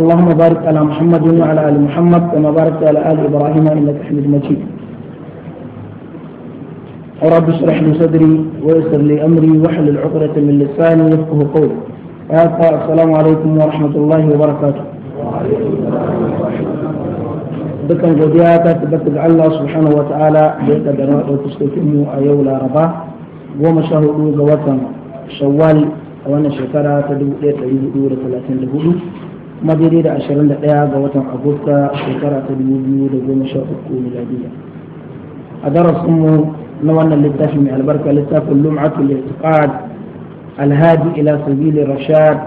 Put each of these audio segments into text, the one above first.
اللهم بارك على محمد وعلى ال محمد كما باركت على ال ابراهيم انك حميد مجيد رب اشرح لي صدري ويسر لي امري واحلل عقدة من لساني يفقه قولي. السلام عليكم ورحمة الله وبركاته. وعليكم السلام ورحمة الله وبركاته. بكم الله سبحانه وتعالى بيت دراسة وتشتكي ايو لا ربا وما شهدوا شوال وانا شكرا تدو ايه تدو kuma daidai da 21 ga watan agusta shekara ta 2013 miladiya a darasinmu na wannan littafi mai albarka littafin lum'atul i'tiqad alhadi ila sabili rashad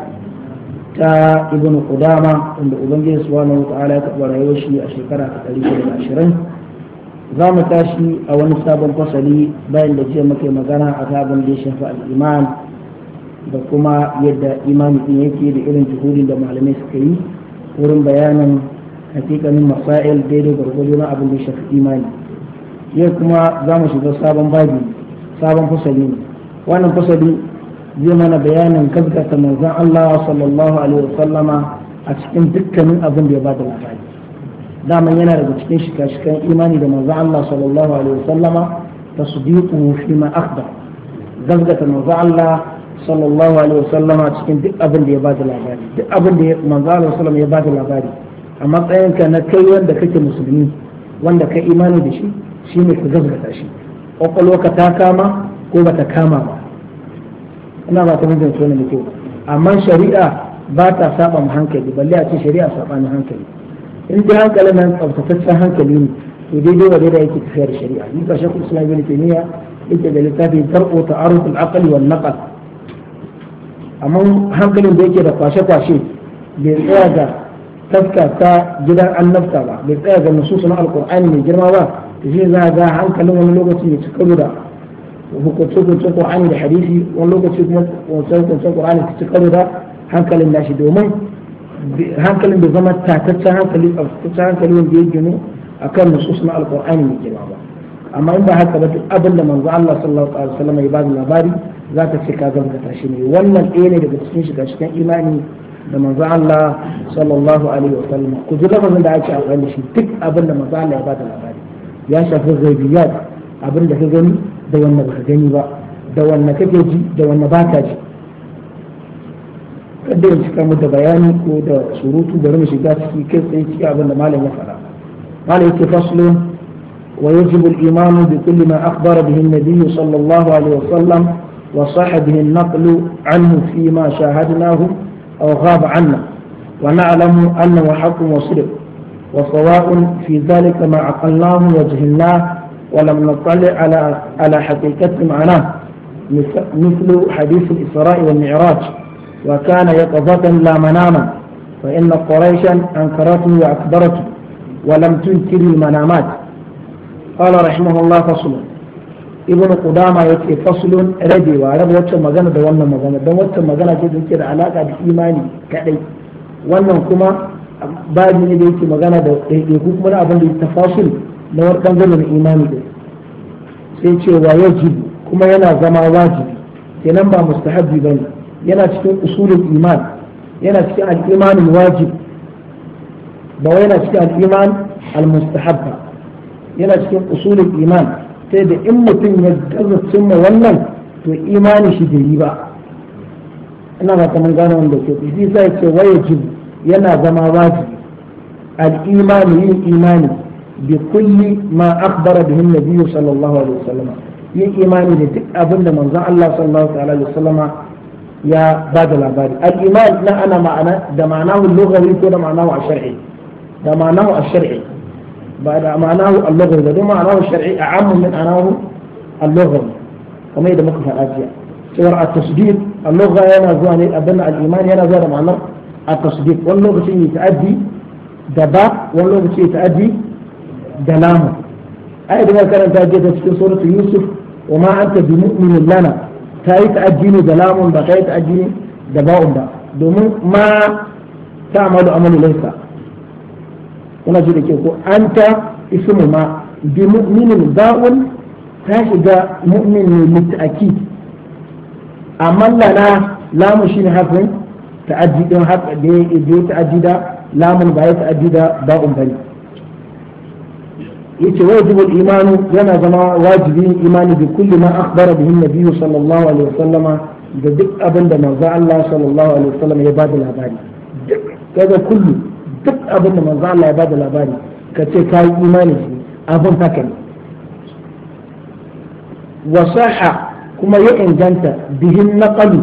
ta ibn qudama wanda ubangiji subhanahu wata'ala ya taɓa rayuwar shi a shekara ta 120 za mu tashi a wani sabon fasali bayan da jiya muke magana a sabon da ya shafi al'iman da kuma yadda imani din yake da irin juhudin da malamai suka yi wurin bayanin hakikanin masail daidai gwargwado na abin da shafi imani yau kuma za mu shiga sabon babi sabon fasali ne wannan fasali zai mana bayanin gaskata manzon Allah sallallahu alaihi wasallama a cikin dukkanin abin da ya bada labari daman yana daga cikin shika-shikan imani da manzon Allah sallallahu alaihi wasallama tasdiquhu fi ma akhbar gaskata manzon Allah sallallahu alaihi wasallam a cikin duk abin da ya bada labari duk abin da manzo Allah sallallahu ya bada labari a matsayinka na kai wanda kake musulmi wanda ka imani da shi shine ka gazgata shi ka ta kama ko bata kama ba ina ba ta hujjar sunan da amma shari'a ba ta saba mu hankali balle a ce shari'a saba mu hankali in dai hankalin nan tsaftataccen hankali ne to daidai wa daidai yake tafiyar shari'a ni ba shakul islam ibn yake da littafin tarqu ta'aruf al-aqli wal naql amma hankalin da yake da kwashe-kwashe bai tsaya ga taska ta gidan annabta ba bai tsaya ga nususu na alkur'ani mai girma ba shi za ga hankalin wani lokaci mai cika da hukuncin ƙur'ani da hadisi wani lokaci kuma hukuncin qur'ani ta cika da hankalin nashi domin hankalin bai zama tataccen hankali tataccen hankali wanda ya gino akan nususu na alkur'ani mai girma ba amma in ba haka ba duk abin da manzo Allah sallallahu alaihi wasallam ya ba labari za ka ce ka gaskata shi ne wannan ɗaya ne daga cikin shiga cikin imani da manzo Allah sallallahu alaihi wa sallam ku ji lafazin da ake amfani da shi duk abin da manzo Allah ya bada labari ya shafi ghaibiyat abin da ka gani da wanda baka gani ba da wanda kake ji da wanda baka ji kada ya cika mu da bayani ko da surutu bari mu shiga ciki kai tsaye ciki abin da malam ya faɗa malam yake faslun ويجب الإيمان بكل ما أخبر به النبي صلى الله عليه وسلم وصح به النقل عنه فيما شاهدناه أو غاب عنا ونعلم أنه حق وصدق وسواء في ذلك ما عقلناه وجهلناه ولم نطلع على على حقيقة معناه مثل حديث الإسراء والمعراج وكان يقظة لا مناما فإن قريشا أنكرته وأكبرته ولم تنكر المنامات قال رحمه الله فصله ibn qudama yake faslun rabewa raba wacce magana da wannan magana don wacce magana ce da take da alaka da imani kadai wannan kuma babu ne da yake magana da ku kuma na abin da ya tafasul na wani ɓangaren imani da sai ce wa yajibu kuma yana zama wajibi kenan ba mustahabbi bane yana cikin usulul iman yana cikin al-imanul wajib ba wai yana cikin al-iman al-mustahab yana cikin usulul iman sai da in mutum ya gaza cimma wannan to imani shi da yi ba ina ba kamar gane wanda ke ku isa ya ce waya jib yana zama wajibi al-imani yin imani bi kulli ma akbara bihi an-nabiy sallallahu alaihi wasallam yin imani da duk abin da manzon Allah sallallahu alaihi wasallama ya ba da labari al-iman na ana ma'ana da ma'anahu lughawi ko da ma'anahu a shar'i da ma'anahu shar'i بعد معناه اللغوي ده معناه الشرعي أعم من معناه اللغوي كما إذا مكفى الأجياء سواء التصديق اللغة ينا زوان أبنى الإيمان ينا زوان معنى التصديق واللغة يتأدي دبا واللغة يتأدي دلامه أي دمار كان تأجيت في سورة يوسف وما أنت بمؤمن لنا تأيت أجيني دلام بقيت أجيني دباء با دومين ما تعمل أمل ليس kuna ji da ke ko anta ismu ma bi mu'minin ba'un ta shiga mu'min ne litaki amma lana lamu shine harfin ta'addi din haka da ya ta'addi da lamun ba ya ta'addi da ba'un bane yace wajibu imanu yana zama wajibi imani bi kulli ma akhbara bihi nabiyyu sallallahu alaihi wasallama da duk abin da manzo Allah sallallahu alaihi wasallam ya bada labari kaga kullu duk abin da manzo Allah ya labari ka ce ka yi imani abin haka ne wasaha kuma ya inganta bihin naqalu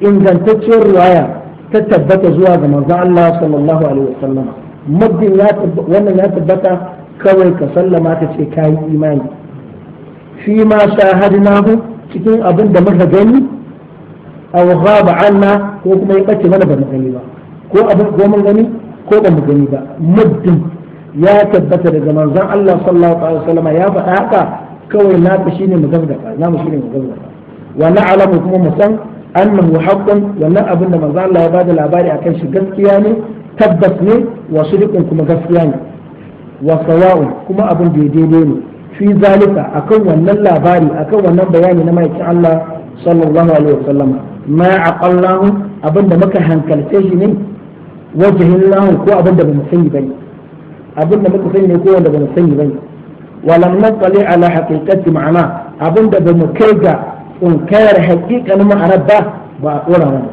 ingantacciyar riwaya ta tabbata zuwa ga manzo Allah sallallahu alaihi wasallam muddin ya wannan ya tabbata kawai ka sallama ka ce ka yi imani fi ma shahadnahu cikin abin da muka gani aw ghaba anna ko kuma ya bace mana ba mu gani ba ko abin ko mun gani ko ba mu gani ba muddin ya tabbata daga manzon Allah sallallahu alaihi wasallam ya faɗa haka kawai na ka shine mu gaba da na mu shine mu gaba da wa na'lamu kuma mu san annahu haqqun wannan abin da manzon Allah ya bada labari akan shi gaskiya ne tabbas ne wa shirkun kuma gaskiya ne wa sawa'un kuma abin da daidai ne fi zalika akan wannan labari akan wannan bayani na mai Allah sallallahu alaihi wasallam ma aqallahu abinda muka hankalce shi ne wajihin lahu ko abin da bamu sani bane abin da muka sani ne ko wanda bamu sani bane walam naqali ala haqiqati ma'ana abin da bamu kai ga tsinkayar haqiqan ma'anar ba ba a tsora mana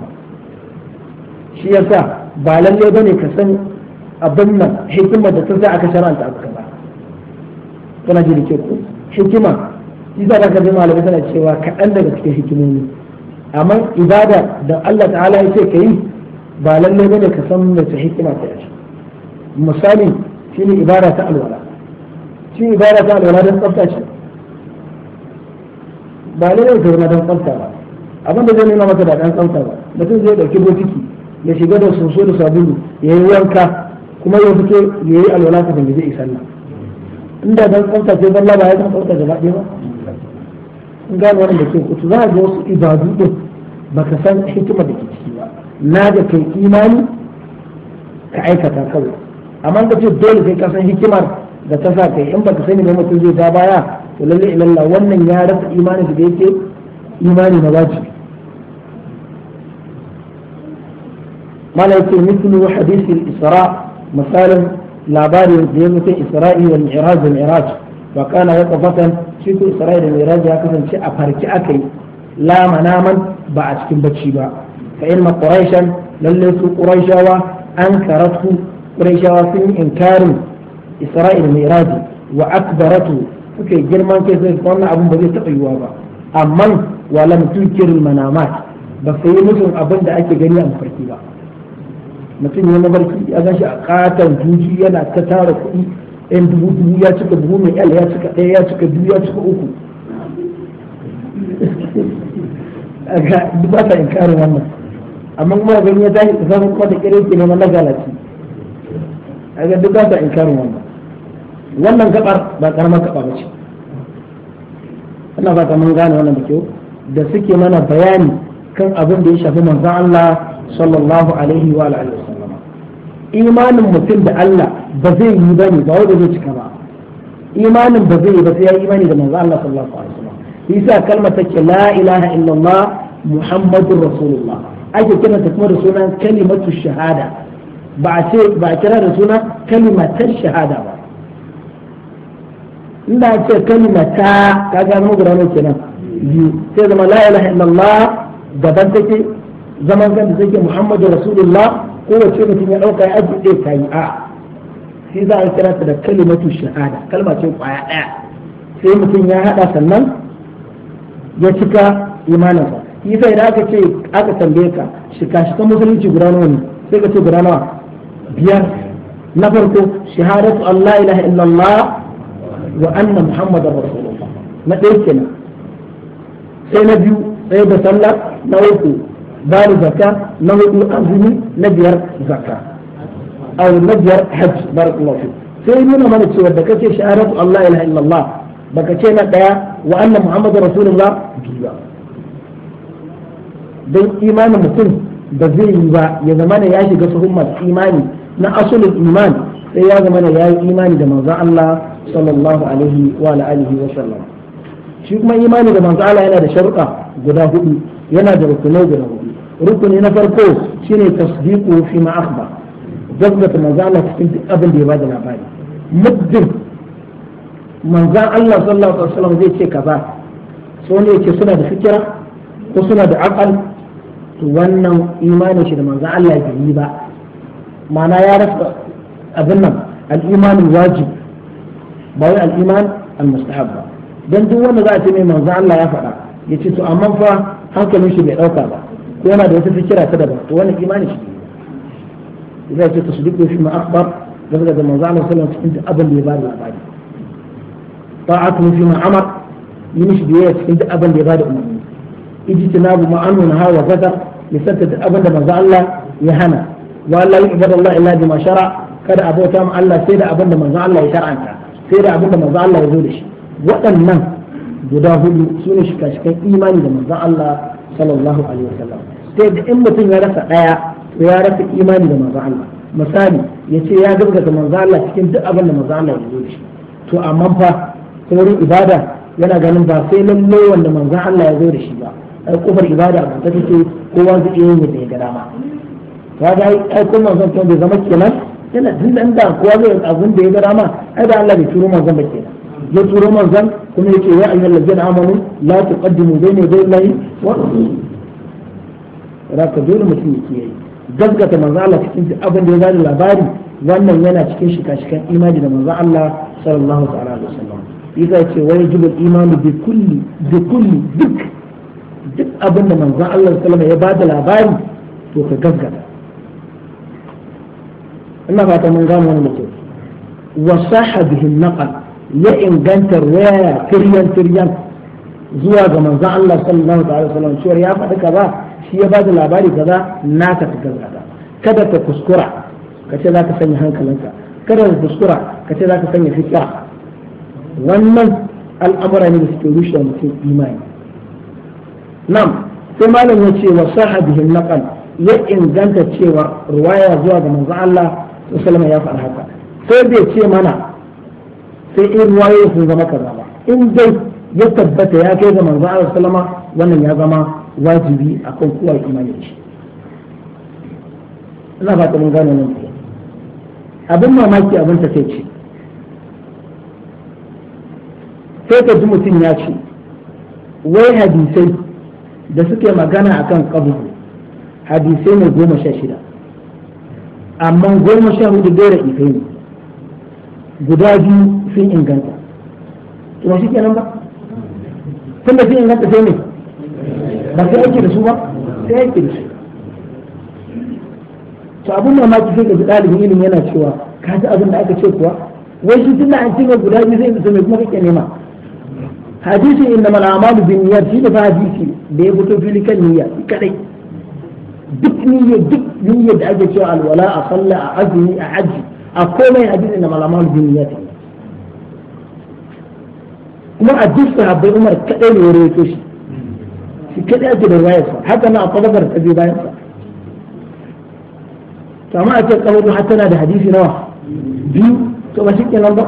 shi yasa ba lalle bane ka san abin nan hikima da ta sa aka sharanta aka ba kana ji da ke ko hikima isa ka ji malamai suna cewa kaɗan daga cikin hikimomi amma ibada da Allah ta'ala ya ce ka yi ba lalle bane ka san mai ta hikima ta yashi misali shine ibada ta alwala shi ibada ta alwala dan tsafta ce ba lalle ka zama dan tsafta ba abin da zai nuna maka da dan tsafta ba mutum zai dauki bokiti ya shiga da soso da sabulu ya yi wanka kuma ya fito ya yi alwala kafin da zai isa nan inda dan tsafta ce balla ba ya san tsafta gaba ɗaya ba in gano wani da ke kutu za a ga wasu ibadu din baka san hikimar da ke ciki ba na da kai imani ka aikata kawai amma ka ce dole sai ka san hikimar da ta sa kai in baka sani ba mutum zai ta baya to lalle ilalla wannan ya rasa imani da yake imani na wajibi mana yake hadisi al isra misalin labarin da ya mutu isra'i wal mi'raj wal mi'raj wa kana yaqfatan shi ko isra'i da mi'raj ya kasance a farki akai la manaman ba a cikin bacci ba fa inna quraishan lalle su quraishawa an karatu quraishawa sun inkarin isra'il miraji wa akbaratu suke girman kai sai wannan abun ba zai taɓa yiwuwa ba amma walam tukirin manamat ba su abin da ake gani a mafarki ba mutum ya mafarki ya gan shi a katon juji yana ta tara kuɗi ɗan dubu dubu ya cika buhu mai ɗaya ya cika ɗaya ya cika biyu ya cika uku ba sa inkarin wannan amma kuma gani ya tashi ta samu kwata kire ke neman na galaci a ga duk ta inkarin wannan wannan gabar ba karamar gaba ba ce ina fata mun gane wannan da kyau da suke mana bayani kan abin da ya shafi manzon Allah sallallahu alaihi wa alihi imanin mutum da Allah ba zai yi ba ne ba wanda zai cika ba imanin ba zai yi ba sai ya imani da manzon Allah sallallahu alaihi wa wasallam yasa kalmar take la ilaha illallah muhammadur rasulullah ake ta kuma da sunan kalimatu shahada ba a ce ba a kira da suna kalimatar shahada ba inda a ce kalimata ka ga mu guda ne kenan biyu sai zama la ilaha illallah daban take zaman kan da take muhammadu rasulullah ko wace mutum ya dauka ya aji ta yi a sai za a kira ta da kalimatu shahada kalma ce kwaya ɗaya sai mutum ya haɗa sannan ya cika imaninsa yi sai da aka ce aka tambaye ka shika-shikan musulunci guda nawa ne sai ka ce guda nawa biyar na farko shahadatu Allah ilaha illallah wa anna muhammadar rasulullah na ɗaya kenan sai na biyu sai da sallah na uku bani zakka na hudu azumi na biyar zakka aw na biyar hajj barakallahu fi sai nuna mana cewa da kace shahadatu Allah ilaha illallah baka ce na ɗaya wa anna muhammadar rasulullah biyu don imanin mutum da zai yi ba ya zama ya shiga sahun masu imani na asulul iman sai ya zama ya yi imani da manzon Allah sallallahu alaihi wa alihi wa sallam shi kuma imani da manzon Allah yana da sharuɗa guda hudu yana da rukunai guda hudu rukuni na farko shine tasdiqu fi ma akhbar gazgata manzon Allah cikin duk abin da ya bada labari muddin manzon Allah sallallahu alaihi wa sallam zai ce kaza sai wanda yake suna da fikira ko suna da aqal wannan imanin shi da manzo Allah bai yi ba ma'ana ya rasa abin nan al-iman wajib ba wai al-iman al-mustahab ba dan duk wanda za a ce mai manzo Allah ya faɗa ya ce to amma fa hankalin shi bai dauka ba ko yana da wata fikira ta daban to wannan imanin shi idan ce tasdiqu fi ma akhbar game da manzo Allah sallallahu alaihi cikin abin da ya bada labari ta'atu fi ma amar yin shi biyayya cikin duk abin da ya bada umarni ijtinabu ma anhu nahawa gadar lissanta duk abin da manzo Allah ya hana wa la yu'badu Allah illa bima shara kada abota mu Allah sai da abin da manzo Allah ya shar'anta sai da abin da manzo Allah ya zo da shi waɗannan guda hudu su ne shika-shikan imani da manzo Allah sallallahu alaihi wasallam sai da in mutum ya rasa ɗaya to ya rasa imani da manzo Allah misali ya ce ya gaskata manzo Allah cikin duk abin da manzo Allah ya zo da shi to amma fa saurin ibada yana ganin ba sai lallai wanda manzo Allah ya zo da shi ba ai kofar ibada ba ta take kowa zai iya yin da ya ga dama ka ga ai kuma manzon kan bai zama kenan yana dindan da kowa zai abin da ya ga dama ai da Allah bai turo manzon ba kenan ya turo manzon kuma yace ya ayyuhal ladzina amanu la tuqaddimu bayna yaday Allahi wa rasulihi raka dole mutum ya kiyaye gaskata manzo Allah cikin abin da ya bada labari wannan yana cikin shika-shikan imani da manzo Allah sallallahu alaihi wasallam yace wa yajibu al-imanu bi kulli bi kulli duk duk abin da manzon Allah sallama ya bada labari to ka gaskata ina fata mun gano wannan mutum wa sahabihi naqal ya inganta waya tiryan tiryan zuwa ga manzon Allah sallallahu alaihi wasallam cewa ya faɗi kaza shi ya bada labari kaza naka ka gaskata kada ka kuskura ka ce za ka sanya hankalinka kada ka kuskura ka ce za ka sanya fikira wannan al'amura ne da suke rushe mutum imani nam sai malam ya ce wa sahabihin naqal ya inganta cewa ruwaya zuwa ga manzo Allah sallallahu ya faɗa haka sai bai ce mana sai in ruwaye sun zama kaza ba in dai ya tabbata ya kai ga manzo Allah salama wannan ya zama wajibi akan kowa imani shi ina fata mun gane nan abin mamaki abin ta ce sai ka ji mutum ya ce wai hadisai da suke magana akan qabr hadisai ne goma sha shida amma goma sha hudu gaira ifai ne guda biyu sun inganta to shi kenan ba tun da sun inganta sai ne ba sai aiki da su ba sai aiki da su to abin ki sai ka ji ɗalibin ilimi yana cewa ka ji abin da aka ce kuwa wai shi tun da an cinye guda biyu sai ne mai kuma kake nema hadisin inna mal a'malu bin niyyat shi da fa hadisi da ya fito fili kan niyya kadai duk niyya duk niyya da ake cewa alwala a sallah a azumi a aji a komai hadisi na malaman bin niyya ta kuma a duk sahabbai Umar kadai ne wurin yake shi shi kadai ake da wayar sa haka na akwai ta biyu bayan sa to amma a ce kawo hatta na da hadisi nawa biyu to ba shi kenan ba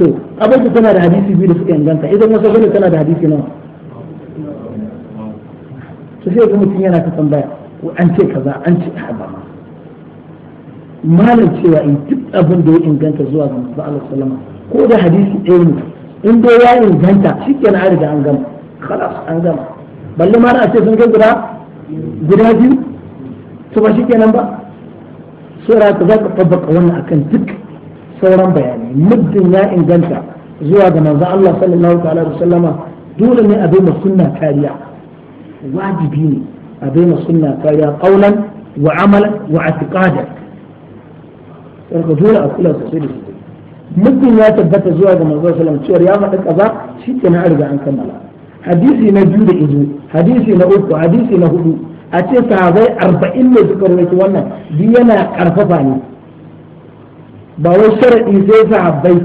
to abin tana da hadisi biyu da suka inganta idan wasu tana da hadisi nawa to sai ga mutum yana ta tambaya an ce kaza an ce haɓa ma malam cewa in duk abin da ya inganta zuwa ga manzo Allah sallama ko da hadisi ɗaya ne in dai ya inganta shikenan an riga an gama khalas an gama balle ma a ce sun ga guda guda biyu to ba shikenan ba sura ta zaka tabbaka wannan akan duk sauran bayanai muddin ya inganta zuwa ga manzo Allah sallallahu ta'ala alaihi wasallama dole ne a bai sunna kariya واجبين أبين السنة فإذا قولا وعملا واعتقادا الرجولة أقول لك سيدي ممكن لا تثبت زوجة من الله صلى الله عليه وسلم تشوف يا أبا شتى نعرف عن كم لا حديثي نجود إزو حديثي نأوكو حديثي نهدو أتي صحابي أربعين مذكر لك وانا دينا أرفضاني بوشر إزيزة عبي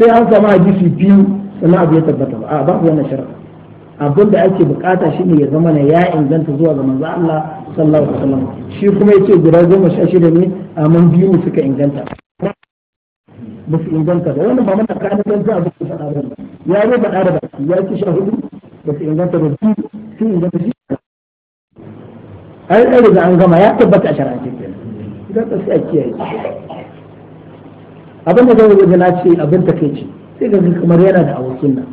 سيانسا ما حديثي بيو سنعب يتبتل أبا آه، هو أنا شرق abin da ake bukata shine ya zama na ya inganta zuwa ga manzo Allah sallallahu alaihi wasallam shi kuma yace guda goma sha shida ne amma biyu suka inganta ba su inganta ba wannan ba mana kana dan za a bi ba ya zo ba da ba ya ci sha hudu ba su inganta ba biyu sun inganta shi ai ai da an gama ya tabbata a shar'ance kenan idan ka sai a kiyaye abin da zai yi na ce abin takeici sai ga kamar yana da abokin nan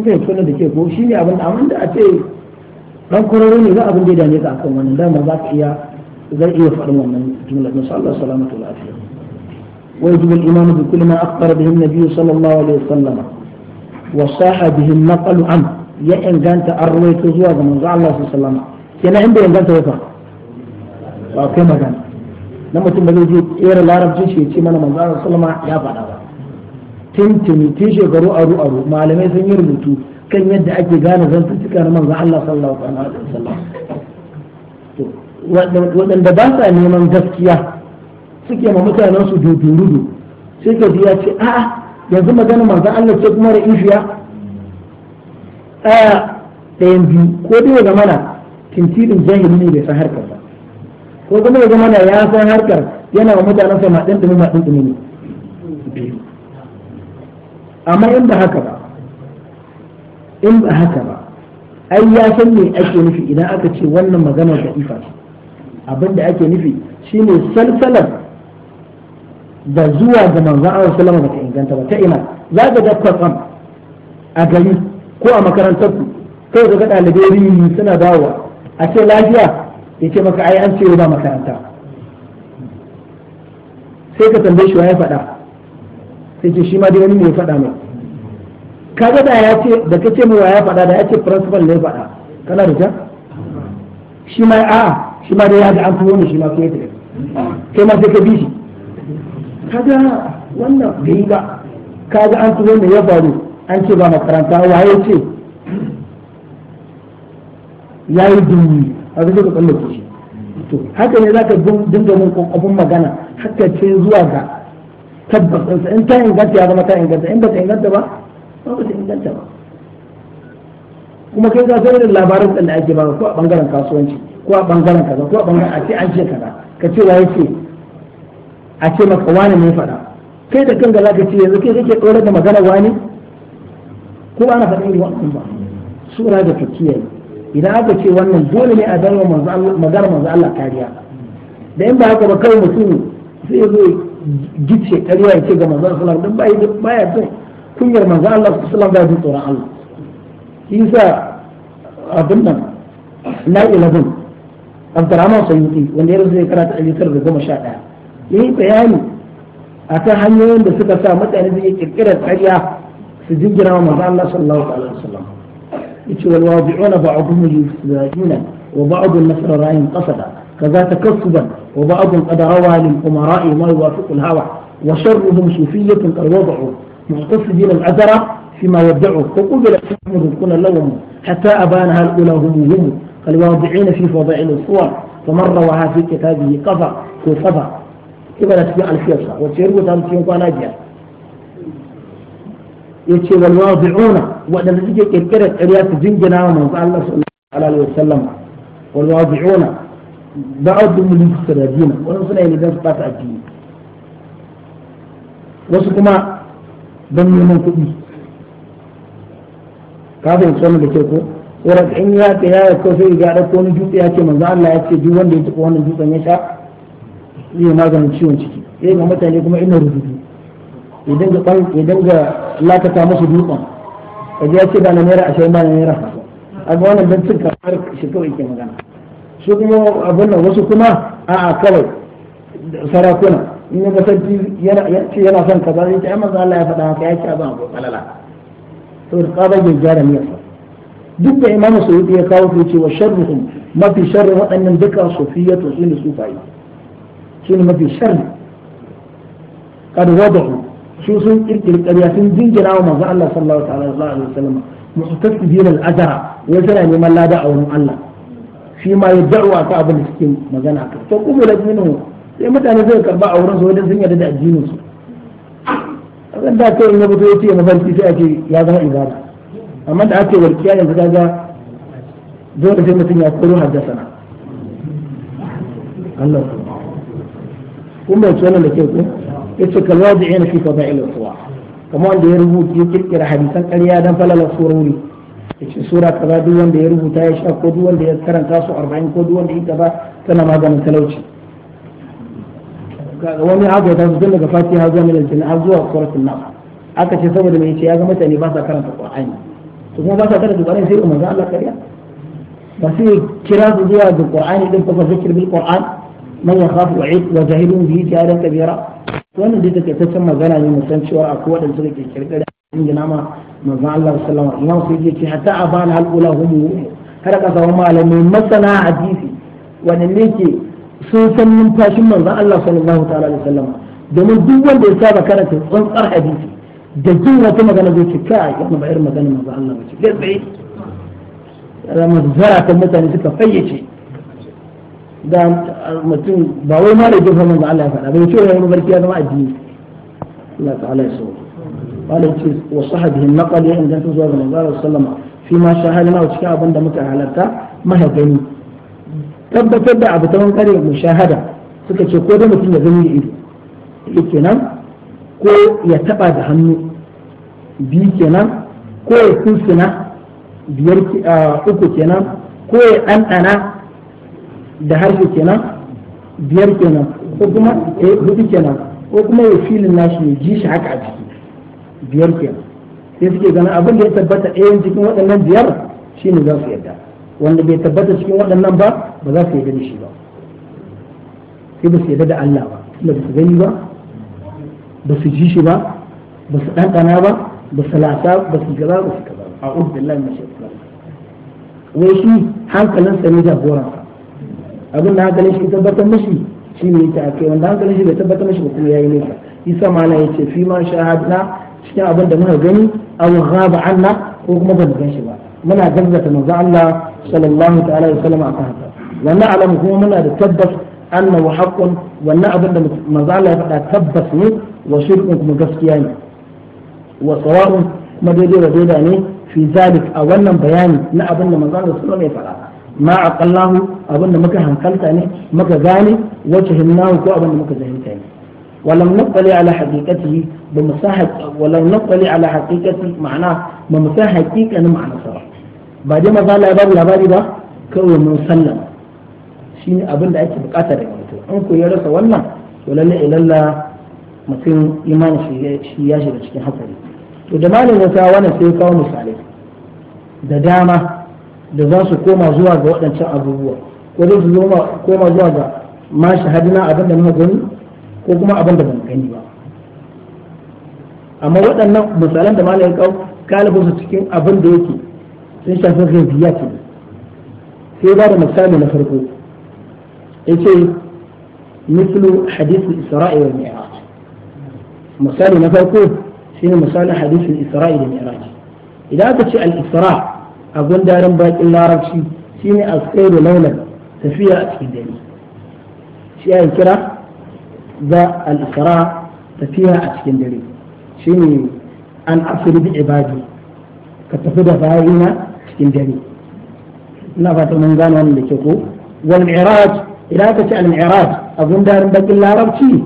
kuka yi sunan da ke ko shi ne abin da da a ce dan kwararo ne za abin da ya dame ka akan wannan dama za ka iya zai iya faɗin wannan jumla din sallallahu salamatu wa afiya wa yajibu al-imam bi kulli ma akhbara bihi an-nabi sallallahu alaihi wasallam wa saha bihi an-naql an ya inganta an zuwa ga manzo Allah sallallahu alaihi wasallam kenan inda inganta ya fa ba kai magana na mutum ba zai je tsere larabci shi ya ce mana manzo Allah sallallahu alaihi wasallam ya faɗa ba tuntuni tun shekaru aru aru malamai sun yi rubutu kan yadda ake gane zantuttuka na manzon Allah sallallahu alaihi wasallam to waɗanda ba sa neman gaskiya suke ma mutanen su dudurudu sai ka ji ya ce a'a yanzu magana manzon Allah ce kuma da ishiya ɗaya ɗayan biyu ko dai ga mana tintirin jahili ne bai san harkar ba ko kuma ga mana ya san harkar yana wa mutanen sa ma ɗin ɗumi ma ɗin ɗumi ne biyu amma in ba haka ba in ba haka ba ai ya san me ake nufi idan aka ce wannan magana da ifa abin da ake nufi shine salsalar da zuwa ga manzon Allah sallama bata inganta ba ta ina za ka ga kwatsam a gari ko a makarantar ku kai ga ɗalibai rini suna dawowa a ce lafiya ya ce maka ai an ce ba makaranta sai ka tambaye shi wa ya faɗa sai ce shi ma dai wani ne ya faɗa mai kaga da ya ce da kace mai ya faɗa da ya ce principal ne faɗa kana da ja shi ma a shi ma da ya ga an fi wani shi ma sai ya kai ma sai ka bi shi kaga wannan bai ba kaga an fi wani ya faru an ce ba makaranta ya ce ya yi dumi a zai ka tsallake shi to haka ne za ka dinga mun kwakwafin magana haka ce zuwa ga tabbas in ta inganta ya zama ta inganta in ba ta inganta ba ba ba inganta ba kuma kai ka su irin labarin da ake ba ko a bangaren kasuwanci ko a bangaren kaza ko a bangaren a ce an ce kaza ka ce wa yake a ce maka wani mai faɗa kai da kanka ka ce yanzu kai kake ɗora da magana wani ko ana faɗa irin wannan ba sura da takiya idan aka ce wannan dole ne a zama magana manzo Allah kariya da in ba haka ba kawai mutum sai zo gice kariya ya ce ga manzo Allah dan baya baya son kunyar manzo Allah sallallahu alaihi wasallam tsoron Allah yasa abin nan na ilabun Abdurrahman Sayyidi wanda ya rasu ya karata alikar da goma sha ɗaya yayi bayani akan hanyoyin da suka sa mutane zai kirkirar ƙarya su jingina wa manzo Allah sallallahu alaihi wasallam yace wal wadi'una ba'dhum yufsiduna wa ba'd an-nasrarain qasada kaza takassuban wa ba'd qad rawa lil umara'i ma yuwafiqu al-hawa wa sharruhum sufiyyatun من أسجل الأجر فيما يدعه فقبل حكمه كنا لهم حتى أبانها الأولى هم هم الواضعين في فضائل الصور فمن رواها في كتابه قضى في قضى كما لا تسمع الفيصة وتشيروا تامتين قوانا يتشي والواضعون وأن نتيجة كرة إليات جنجنا ومن الله صلى الله عليه وسلم والواضعون بعض من السرادين ولو إلى ذلك بات الدين وسكما don neman kuɗi ka fahimci wannan da ke ko wurin in ya ta ya ya kawai sai ga ɗauko wani dutse ya ce manzo Allah ya ce duk wanda ya tafi wannan dutsen ya sha zai maganin ciwon ciki sai ga mutane kuma ina rubutu ya dinga ɓan idan ga lakata musu dutsen kaji ya ce ba na naira ashirin ba na naira a ga wannan don cin kamar shi kawai ke magana su kuma abin nan wasu kuma a'a kawai sarakuna in ya ga sarki ya ce yana son kaza ya ce ai manzo Allah ya faɗa haka ya ce abin abu falala saboda tsabar ya gyara niyyarsa duk da imamu sayyidi ya kawo sai ce wa sharruhum mafi sharri waɗannan duka sufiyatu su ne sufayi shi ne mafi sharri kad wadahu su sun kirkiri ƙarya sun jinjina wa manzo Allah sallallahu ta'ala alaihi wasallam mu'tasibin al-ajra wai suna neman lada a wurin Allah shi ma ya da'wa ta abin da suke magana akai to kuma da minhu sai mutane zai karba a wurin su wajen sun yarda da addinin su azan da kai ne ya fito ya ce mafarki sai a ce ya zama ibada amma da ake walƙiya yanzu kaga dole sai mutum ya koro haddasana Allah kun bai tsona da ke ku yace kalwa da yana fi fada'il suwa kuma wanda ya rubuta ya kirkira hadisan ƙarya dan falala surori yace sura kaza duk wanda ya rubuta ya sha ko duk wanda ya karanta su 40 ko duk wanda ya kaza tana maganin talauci kaga wani abu su tun daga fatiha zuwa min aljanna har zuwa suratul nas aka ce saboda me yace ya ga mutane ba sa karanta qur'ani to kuma ba sa karanta qur'ani sai manzo Allah kariya ba sai kira su zuwa ga qur'ani din fa zikr bil qur'an man yakhafu wa'id wa jahilun bihi jahilan kabira wannan dai take taccen magana ne mu san cewa akwai wadanda suka ke kirkira ingina ma manzo Allah sallallahu alaihi wasallam imam sai ce hatta abana al-ula hum har ka samu malamai masana hadisi wanda ne ke sun san numfashin manzon Allah sallallahu ta'ala alaihi wasallam domin duk wanda ya saba karanta tsantsar hadisi da jin wata magana zai ce kai wannan ba irin magana manzon Allah ba ce da tsaye zara ta mutane suka fayyace da mutum ba wai ma da jefa manzon Allah ya faɗa ba ya ce wani mabarki ya zama addini Allah ta'ala ya sauka قال وصحبه النقل عند تزوج النبي صلى الله fi ma فيما شاهدنا وشكا أبن دمك على ما هي tabbatar da abu ta wankare shahada suka ce ko da mutum ya zama ido ya kenan ko ya taba da hannu biyu kenan ko ya kunsuna biyar uku kenan ko ya ɗanɗana da harshe kenan biyar kenan ko kuma ya eh, hudu kenan ko kuma ya filin nashi ya ji shi haka a ciki biyar kenan sai suke ganin abin da ya tabbata ɗayan cikin waɗannan biyar shine za su yadda. wanda bai tabbata cikin waɗannan ba ba za su yarda da shi ba sai ba su yarda da Allah ba tunda ba su gani ba ba su ji shi ba ba su ɗanɗana ba ba su lasa ba su gaba ba su kaza a ubillahi min shaitan wai shi hankalin hankalinsa ne jagoransa abin da hankalin shi tabbatar mashi shi ne ta ake wanda hankalin shi bai tabbatar mashi ba kuma ya yi nesa isa mala ya ce fi ma shahadna cikin abin da muka gani aw ghaba anna ko kuma ban gan shi ba muna gazzata manzo Allah sallallahu ta'ala alaihi wasallam akan haka wannan alamu kuma muna da tabbas annahu haqqun wannan abin da manzo Allah ya faɗa tabbas ne wa shirkun kuma gaskiya ne wa sawa'un kuma daidai da daida ne fi zalik a wannan bayani na abin da manzo Allah sallallahu alaihi wasallam ya faɗa ma aqallahu abin da muka hankalta ne muka gane wace hinnahu ko abin da muka jahilta ne ولم نطلع على حقيقته بمساحة ولو نطلع على حقيقته معناه بمساحة حقيقة معناه ba dai maza Allah ya babu labari ba kawai mun shi shine abin da ake bukata da mutum an ko ya rasa wannan to lalle ilalla mutum imani shi ya shiga cikin hatsari to da malam ya ta wannan sai kawo misalai da dama da za su koma zuwa ga waɗancan abubuwa ko da su koma zuwa ga ma hadina abin da muka gani ko kuma abin da ban gani ba amma waɗannan misalan da malam ya kawo galibin cikin abin da yake sun shafi ghaziyat ne sai ba da misali na farko yace mislu hadith al-isra'i wal mi'raj misali na farko shine misalin hadith al-isra'i da mi'raj idan aka ce al-isra a gundaren bakin larabci ne as-sayru laulan tafiya a cikin dare shi ya kira za al-isra tafiya a cikin dare shi ne an asiri bi ibadi ka tafi da bayina cikin dare ina fata mun gano wannan da ke ko wal mi'raj idan aka ce al mi'raj abun da bakin larabci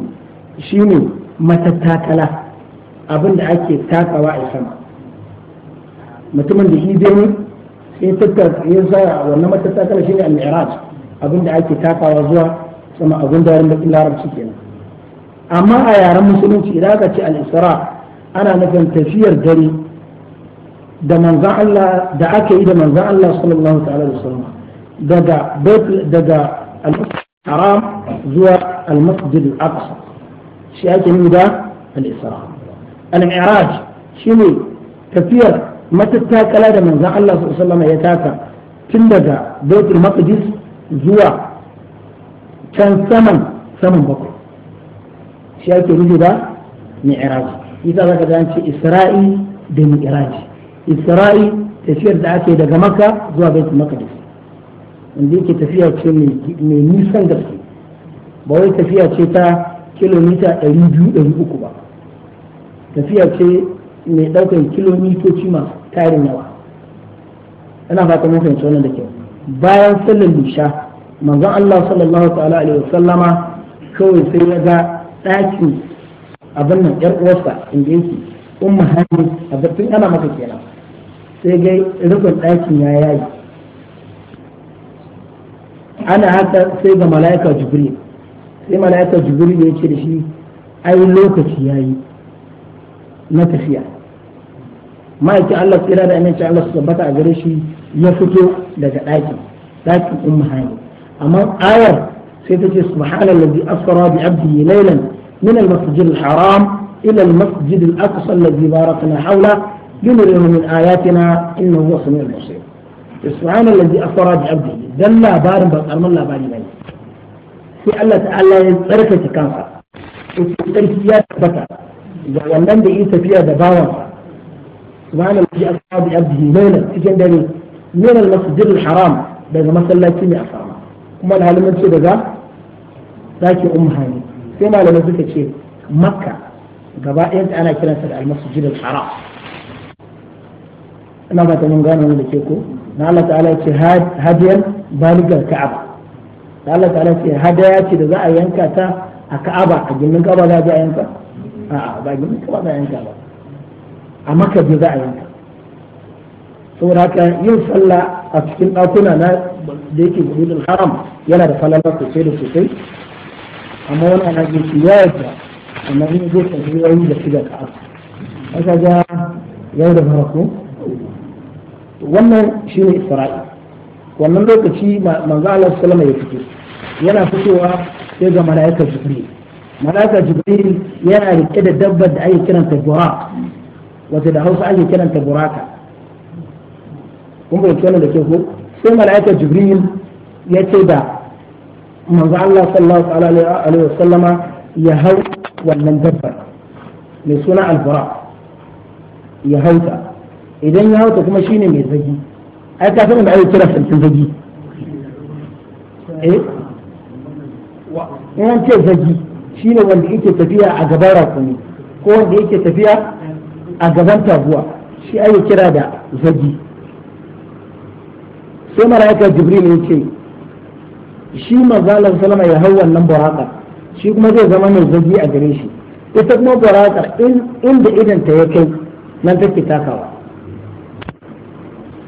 shine matattakala abin da ake takawa a sama mutumin da shi dai sai tattaka ya sa wannan matattakala shine al mi'raj abin da ake takawa zuwa sama abin da bakin larabci kenan amma a yaren musulunci idan aka ce al isra ana nufin tafiyar dare da manzan Allah da aka yi da manzan Allah sallallahu ta'ala da sallama daga daga al-haram zuwa al-masjid al-aqsa shi ake nuna da al-isra al-mi'raj shine tafiyar matattakala da manzan Allah sallallahu sallama ya taka tun daga baitul maqdis zuwa can saman saman bakwai shi ake nuna da mi'raj ita zaka ga an ce isra'i da mi'raj isra'i tafiyar da ake daga maka zuwa baitul maqdis wanda yake tafiya ce mai nisan gaske ba wai tafiya ce ta kilomita 200-300 ba tafiya ce mai ɗaukar kilomitoci masu tarin yawa ina fata mun fahimci wannan da kyau bayan sallar lisha manzon Allah sallallahu ta'ala alaihi wasallama kawai sai ya ga ɗakin abin nan ƴar uwarsa inda yake umma hani a tun ana maka kenan sai ga rufin ɗakin ya yayi ana haka sai ga mala'ika jibril sai mala'ika jibril ya ce da shi ai lokaci yayi na tafiya ma'aikin Allah tsira da aminci Allah su tabbata a gare shi ya fito daga ɗakin ɗakin umma amma ayar sai ta ce subhanallazi asfara bi abdi laylan min al-masjid al-haram ila al-masjid al-aqsa alladhi barakna hawla لنريه من آياتنا إنه هو السميع البصير سبحان الذي أسرى بعبده دل بار بقر من لا باري بني sai Allah ta'ala ya tsarkake kansa tsarki ya tabbata da wannan da yi tafiya da bawansa subhanahu wa ta'ala ashabu abdihi layla cikin dare min al al-haram daga masallaci ne a sama kuma alhalin ce daga zaki umhani sai malamai suka ce makka gaba ɗayan ana kiransa da al-masjid haram ina ba ta mun gane wani da ke ko na Allah ta'ala ya ce hadiyar baligar ka'aba da Allah ta'ala ya ce hadaya ce da za a yanka ta a ka'aba a ginin ka'aba za a yanka a ba ginin ka'aba za a yanka ba a maka za a yanka saboda haka yin sallah a cikin ɗakuna na da yake gudun haram yana da falala sosai da sosai amma wani ana ke shi ya yadda amma in zai tafi yayi da shiga ka'aba aka ga yau da farko wannan shi ne isra'i wannan lokaci manzo Allah sallama ya fito yana fitowa sai ga malaikar jibril malaikar jibril yana rike da dabbar da ake kiranta buraq wata da Hausa ake kiranta buraka kun bai wannan da ke ko sai malaikar jibril ya ce da manzo Allah sallallahu alaihi wa sallama ya hau wannan dabbar mai suna albura ya hauta idan ya hauta kuma shine mai zagi ai ka san mai kira sarkin zagi eh wa ce zagi shine wanda yake tafiya a gaban rakumi ko wanda yake tafiya a gaban taguwa shi ai kira da zagi sai mala'ika jibril ya ce shi manzalar salama ya hau wannan buraka shi kuma zai zama mai zagi a gare shi ita kuma burakar inda idan ta ya kai nan take takawa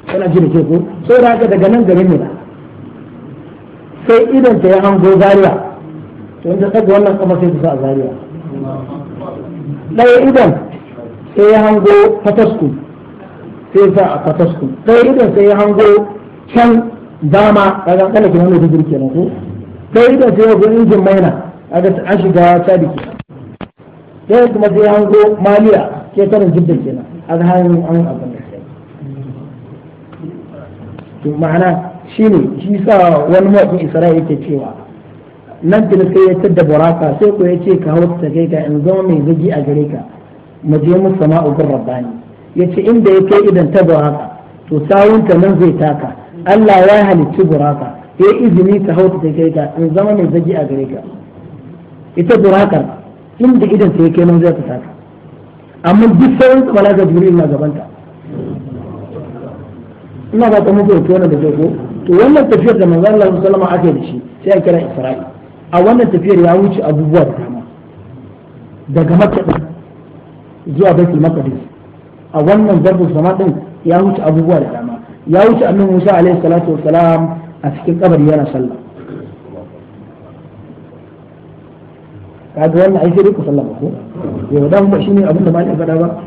kana ji da ke ko saboda haka daga nan garin ne sai idan ta ya hango zariya to in ta tsaga wannan kuma sai ta sa a zariya ɗaya idan sai ya hango fatasku sai sa a fatasku ɗaya idan sai ya hango can dama kaga kana kin wannan jirgin kenan ko Sai idan sai ya hango injin maina kaga an shiga tsadi Sai kuma sai ya hango maliya ke tarin jiddin kenan a ga an abin ma'ana shine shi sa wani mawaƙin isra'ila yake cewa nan da sai ya tadda buraka sai ko yace ka hau ta kai ga in zama mai zagi a gare ka mu je mu sama'u bin rabbani yace inda ya kai idan ta buraka to sawunta nan zai taka Allah ya halicci buraka ya izini ka hau ta kai ga in zama mai zagi a gare ka ita burakar inda idan ta ya kai nan zai ta taka amma duk sauran malaka jibril na gabanta ina ba ta muku da tona da ko to wannan tafiyar da manzo Allah sallallahu alaihi wasallam shi sai a kira Isra'i a wannan tafiyar ya wuce abubuwa da dama daga Makka zuwa Baitul Maqdis a wannan zarbu sama din ya wuce abubuwa da dama ya wuce annabi Musa alaihi salatu wasalam a cikin kabari yana sallah kaga wannan ai sai dai ku sallah ba ko yau dan ba shine abin da malai faɗa ba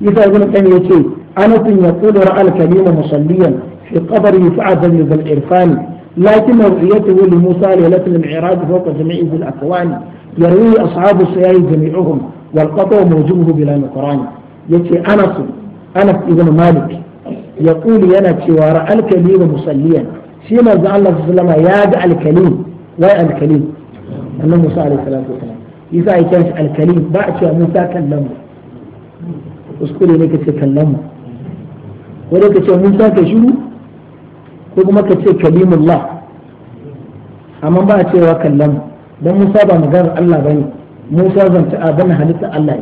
yasa ibn qayyim yace أنس يقول رأى الكليم مصليا في قبره فعزل ذا العرفان لكن رؤيته لموسى ليلة المعراج فوق جميع ذي الأكوان يروي أصحاب السياي جميعهم والقطع موجبه بلا نكران يتي أنس أنس ابن مالك يقول ينا ورأى الكليم مصليا شيما زعل الله صلى الله عليه وسلم ياد الكليم ويا الكليم أن موسى عليه الصلاة والسلام إذا كانت الكليم باع موسى كلمه اذكر إليك تكلمه ko da ka ce Musa ka shiru ko kuma ka ce kalimullah amma ba a cewa kallon don Musa ba maganar Allah bane Musa zance a bane halitta Allah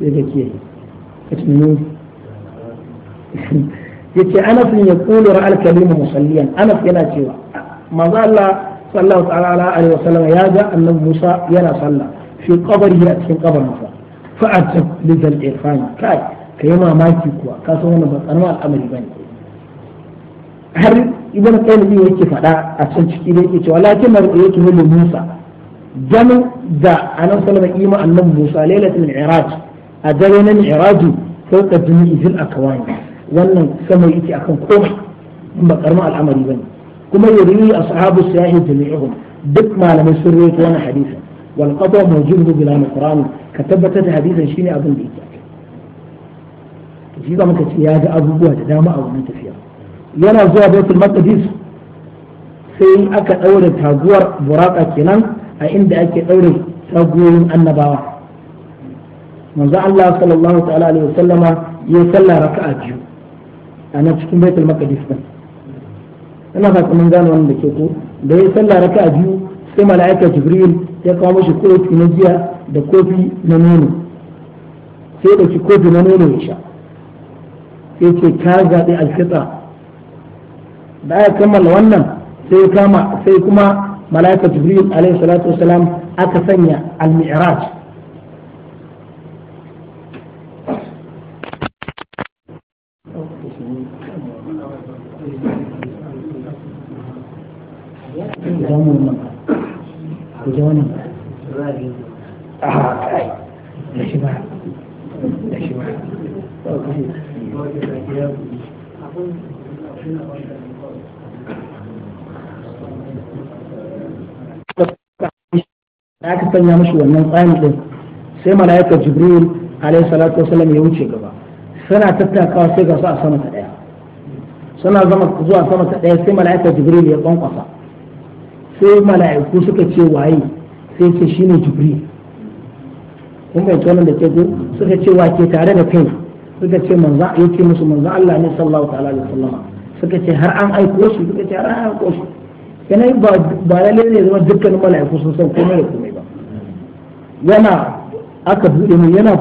ne sai ka ke ka tunani yace Anas ne ya kula ra'al kalimu musalliyan Anas yana cewa maza Allah sallallahu ta'ala alaihi wasallam ya ga annabi Musa yana sallah fi qabrihi a cikin kabarinsa fa'atab lidal irfan kai ka yi mamaki kuwa ka san wannan ba al'amari ba ne har ibn qayyim yake faɗa a can ciki da yake cewa lakin mar yake hulun musa jamin da anan sallama ima annabi musa lailatul mi'raj a dare na mi'raj fawqa dunya fil akwani wannan sama yake akan komai ba karamar al'amari ba ne kuma yuri ashabu sahihi jami'uhum duk malamai sun rawaito wannan hadisin wal qadwa mawjudu al qur'an ka tabbatar da hadisin shine abin da yake shi za muka ce ya ga abubuwa da dama a wannan tafiya yana zuwa baitul maqdis sai aka daure taguwar buraka kenan a inda ake daure taguwoyin annabawa manzo Allah sallallahu ta'ala alaihi wasallama ya sallah raka'a biyu a cikin baitul maqdis din ina fata mun gano wannan da ke ko da ya sallah raka'a biyu sai mala'ika jibril ya kawo mashi kofi na jiya da kofi na nono sai da ki kofi na nono ya sha sai ka zaɓi alfitra da aka kammala wannan sai kama sai kuma mala'ika jibril alayhi salatu wasalam aka sanya almi'raj Thank you. da aka sanya mashi wannan tsani din sai mala'ika jibril alayhi salatu wasallam ya wuce gaba suna tattakawa sai ga su a sama ta daya suna zama zuwa sama ta daya sai mala'ika jibril ya kwankwasa sai mala'iku suka ce waye sai ce shine jibril kun bai tonan da ke suka ce wa ke tare da kai suka ce ya ce musu manza Allah ne sallallahu ta'ala da sallama suka ce har an aiko shi suka ce har an aiko shi yana ba ba lalle ne zama dukkanin mala'iku sun san komai da komai ba yana aka bude mu yana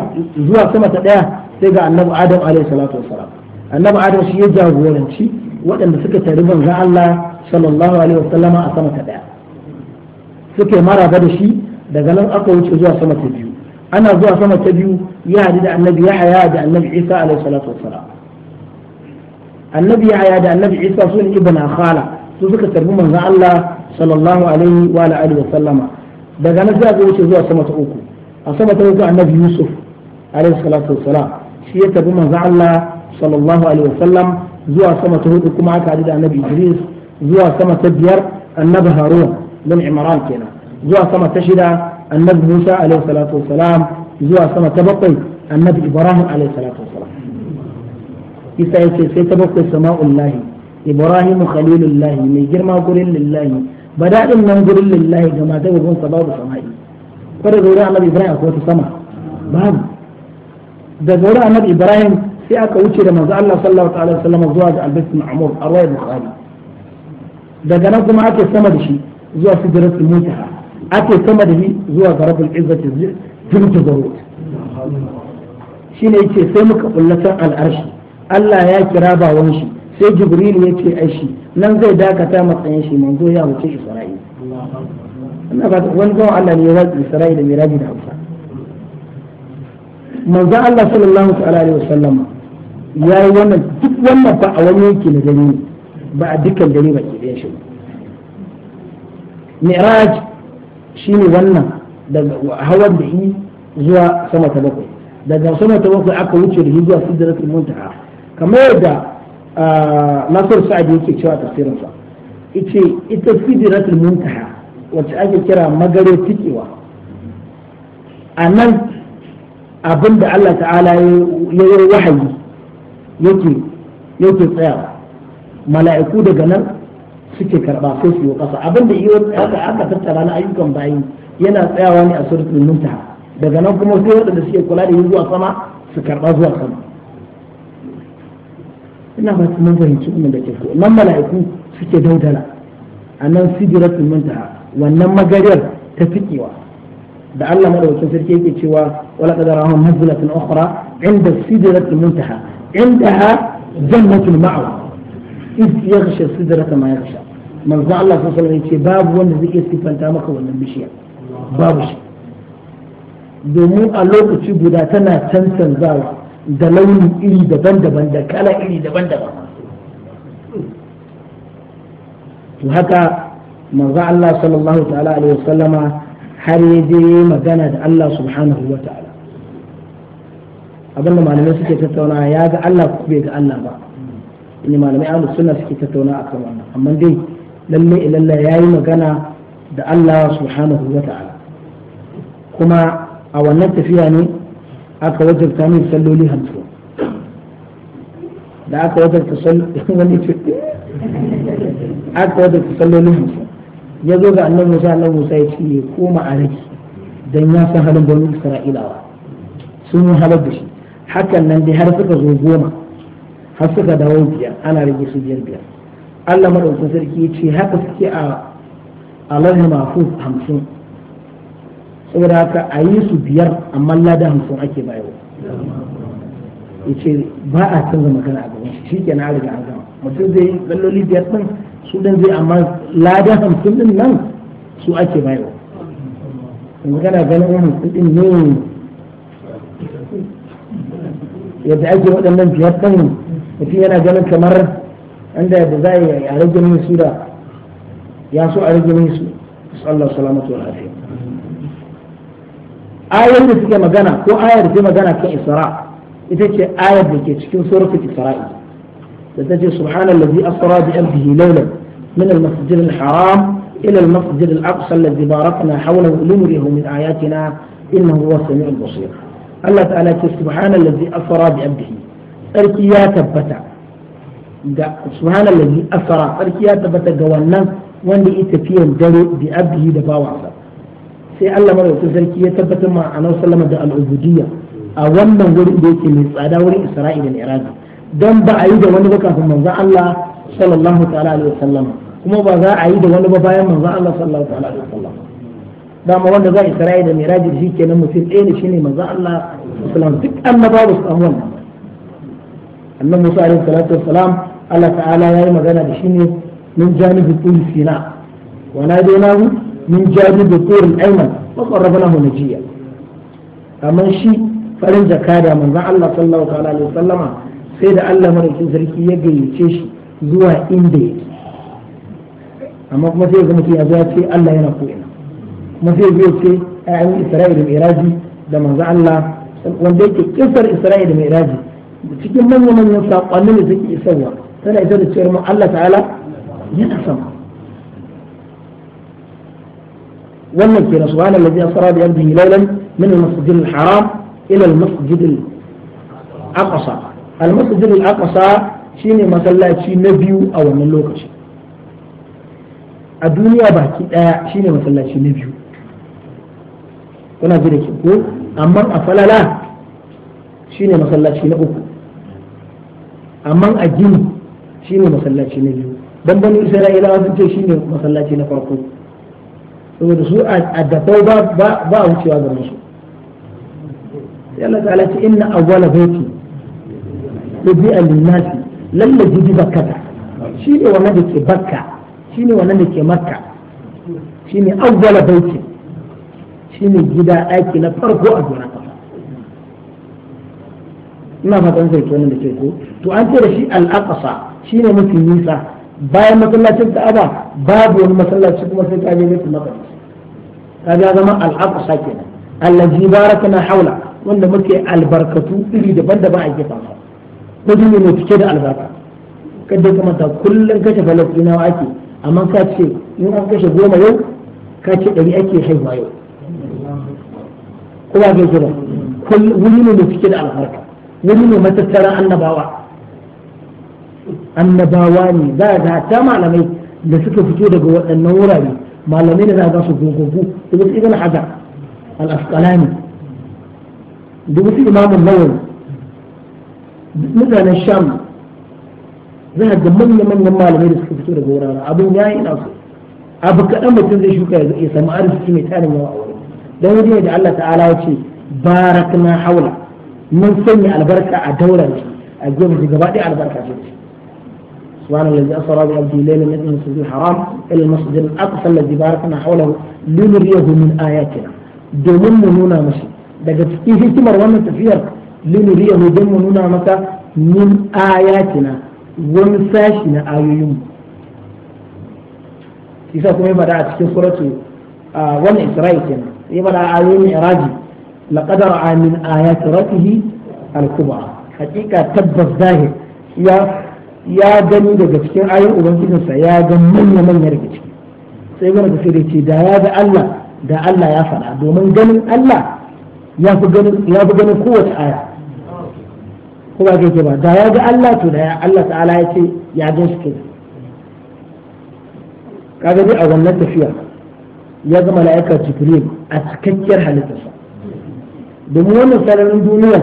zuwa sama ta ɗaya sai ga annabi Adam alaihi salatu wassalam annabi Adam shi ya jagoranci waɗanda suka tari manza Allah sallallahu alaihi wasallama a sama ta ɗaya suke maraba da shi daga nan aka wuce zuwa sama ta biyu ana zuwa sama ta biyu ya haɗu da annabi yahaya da annabi isa alaihi salatu wassalam annabi yahaya da annabi isa sun ne ibn khala su suka tarbi manzon Allah sallallahu alaihi wa alihi wa daga nan sai aka wuce zuwa sama ta uku a sama ta uku annabi yusuf alaihi salatu wassalam shi ya tarbi manzon Allah sallallahu alaihi wa sallam zuwa sama ta hudu kuma aka haɗu da annabi idris zuwa sama ta biyar annabi harun bin imran kenan zuwa sama ta shida annabi Musa alaihi salatu wassalam zuwa sama ta bakwai annabi Ibrahim alaihi salatu wassalam isa yace sai ta bakwai sama'ullahi Ibrahim khalilullahi mai girma gurin lillahi badadin nan gurin lillahi ga mata gurin sa babu sama'i kada zaure annabi Ibrahim akwai wata sama babu da zaure annabi Ibrahim sai aka wuce da manzo Allah sallallahu alaihi wasallam zuwa ga Al-Bait Ma'mur a Bukhari daga nan kuma ake sama da shi zuwa sidratul muntaha ake sama da shi zuwa ga rabbul ta jirgi zarut shi ne yake sai muka kullatan al'arshi Allah ya kira bawan shi sai jibril ya ce aishi nan zai dakata matsayin shi manzo ya wuce Isra'il. ina ba wani gawa Allah ne ya wuce Isra'il, da miraji da hausa manzo Allah sallallahu alaihi wasallama ya yi wannan duk wannan ba a wani yanki na gani ba a dukkan gani ba ke ɗayan shi ba shine wannan daga hawan da zuwa sama ta bakwai daga sama ta bakwai aka wuce da zuwa sidratul muntaha kamar yadda nasar sa'ad yake cewa tafsirin ita sidratul muntaha wacce ake kira magare tikewa a nan abin da Allah ta'ala ya yi wahayi yake tsayawa mala'iku daga nan suke karba sai su yi kasa abin da iyo aka tattara na ayyukan bayi yana tsayawa ne a surutu muntaha daga nan kuma sai waɗanda suke kula da yi zuwa sama su karba zuwa sama ina ba su fahimci inda da ke nan mala'iku suke daudala a nan sidiratul muntaha wannan magariyar ta fikewa da Allah madaukakin sarki yake cewa wala qadarahum manzilatan ukhra inda sidratil muntaha indaha jannatul ma'wa iz yaghsha sidrata ma yaghsha manzo Allah sallallahu alaihi wasallam yace babu wanda zai iya sifanta maka wannan bishiya babu shi domin a lokaci guda tana tantanzawa da launi iri daban-daban da kala iri daban-daban to haka manzo Allah sallallahu ta'ala alaihi wasallama har ya je magana da Allah subhanahu wa ta'ala abinda malamai suke tattauna ya ga Allah ko bai ga Allah ba ne malamai ahlus sunna suke tattauna akan wannan amma dai lalle ilalla yayi magana da Allah subhanahu wa ta'ala kuma a wannan tafiya ne aka wajabta min salloli hamsin da aka wajabta salloli aka wajabta salloli hamsin ya zo ga annabi Musa annabi Musa ya ce koma a rage dan ya san halin bani Isra'ilawa sun halar da shi hakan nan dai har suka zo goma har suka dawo biyar ana rage su biyar biyar Allah madaukakin sarki ya ce haka suke a alaihi mahfuz hamsin saboda haka a yi su biyar amma lada hamsin ake bayo ya ce ba a canza magana a gaban shi shi ke na riga an gama mutum zai yi galloli biyar ɗin su ɗin zai amma lada hamsin ɗin nan su ake bayo yanzu kana ganin hamsin ne yadda ake waɗannan biyar din mutum yana ganin kamar inda da za a rage mini su da ya so a rage mini su su Allah salamatu wa lafiya ayar da suke magana ko ayar da suke magana kan isra ita ce ayar da ke cikin suratul isra'i da ta ce subhanallazi asra bi abdihi laylan min al-masjid al-haram ila al-masjid al-aqsa alladhi barakna hawlahu linuriyahu min ayatina innahu huwa as-sami'ul basir Allah ta'ala ce subhanallazi asra bi abdihi tsarki ya tabbata ga subhanallahi asara tsarki ya tabbata ga wannan wanda ya tafiyan dare bi abdihi da bawansa sai Allah madaukakin sarki ya tabbatar ma annabi sallama da al'ubudiyya a wannan wurin da yake mai tsada wurin Isra'ila da Iraq dan ba a yi da wani ba kafin manzon Allah sallallahu ta'ala alaihi wasallam kuma ba za a yi da wani ba bayan manzon Allah sallallahu ta'ala alaihi wasallam dama wanda za a Isra'ila da Iraq shi kenan mutum ɗaya ne shine manzon Allah sallallahu duk annabawa su an wannan annabi Musa alaihi salatu wassalam Allah ta'ala ya yi magana da shi ne min janibi tul sina wa nadainahu min janibi tul ayman wa qarrabnahu najiya amma shi farin jakada manzon Allah sallallahu alaihi wasallama sai da Allah madaukin sarki ya gayyace shi zuwa inda yake amma kuma sai ga mutum ya zo ce Allah yana ko ina kuma sai ya ce ayyukan Isra'ila da Miraji da manzon Allah wanda yake kisar Isra'ila da Miraji cikin manya-manyan saƙonni da suke isarwa tana isa da cewar ma Allah ta'ala yana sama wannan ke nasu wani lafiya tsara da yadda hilailan min al-masjid al-haram ila al-masjid al-aqsa al-masjid al-aqsa shine masallaci na biyu a wannan lokaci a duniya baki daya shine masallaci na biyu kuna ji da ke ko amma a falala shine masallaci na uku amma a gini shine masallaci na biyu bambanin isra'ilawa sun ce shine masallaci na farko saboda su a dafau ba a wucewa ga masu sai Allah ta'ala ce inna awwala baiti biya lin-nasi lalla jibi bakkata shine wannan da ke bakka shine wannan da ke makka shi gwala awwala shi ne gida aiki na farko a duniya ina fatan sai tonin da ke ko to an ce da shi al-aqsa shine mafi nisa bayan masallacin Ka'aba babu wani masallaci kuma sai kaje Baitul Maqdis kaje zama al-aqsa kenan allazi barakana haula wanda muke albarkatu iri daban-daban a gefen sa kudi ne mai cike da albarka kada kuma ta kullun kashe falafi nawa ake amma ka ce in an kashe goma yau ka ce ɗari ake haihuwa yau kuma ga gida wuri ne mai cike da albarka wani ne matattaran annabawa annabawa ne za a ta malamai da suka fito daga waɗannan wurare malamai ne za a ga su gungungu da wasu ibn hajar al-asqalani da wasu imamun nawawi mutanen sham za a ga manya-manyan malamai da suka fito daga wurare abin ya yi nasu abu kaɗan mutum zai shuka ya sami arziki mai tarin yawa a wurin don wajen da Allah ta'ala ya ce barakna haula mun sanya albarka a daular a gefe shi gaba ɗaya albarka ce سبحان الذي أسرى بعبده ليلا من المسجد الحرام إلى المسجد الأقصى الذي باركنا حوله لنريه من آياتنا domin mu nuna mashi daga cikin hikimar wannan tafiyar linuriya mu don mu nuna maka min ayatina wani sashi na ayoyin mu isa kuma ya fada a cikin ayoyin iraji laqad ra'a min ayati rabbih al-kubra hakika tabbas zahir ya gani daga cikin ayoyin ubangijinsa ya ga manya manya daga ciki sai wani da sai ce da ya ga Allah ya faɗa domin ganin Allah ya fi ganin kowace aya ko ba ke ba da ya ga Allah to da Allah ta'ala ya ce ya kaga dai a wannan tafiya ya ga mala'ika jibril a cikakkiyar halittarsa domin wannan sararin duniya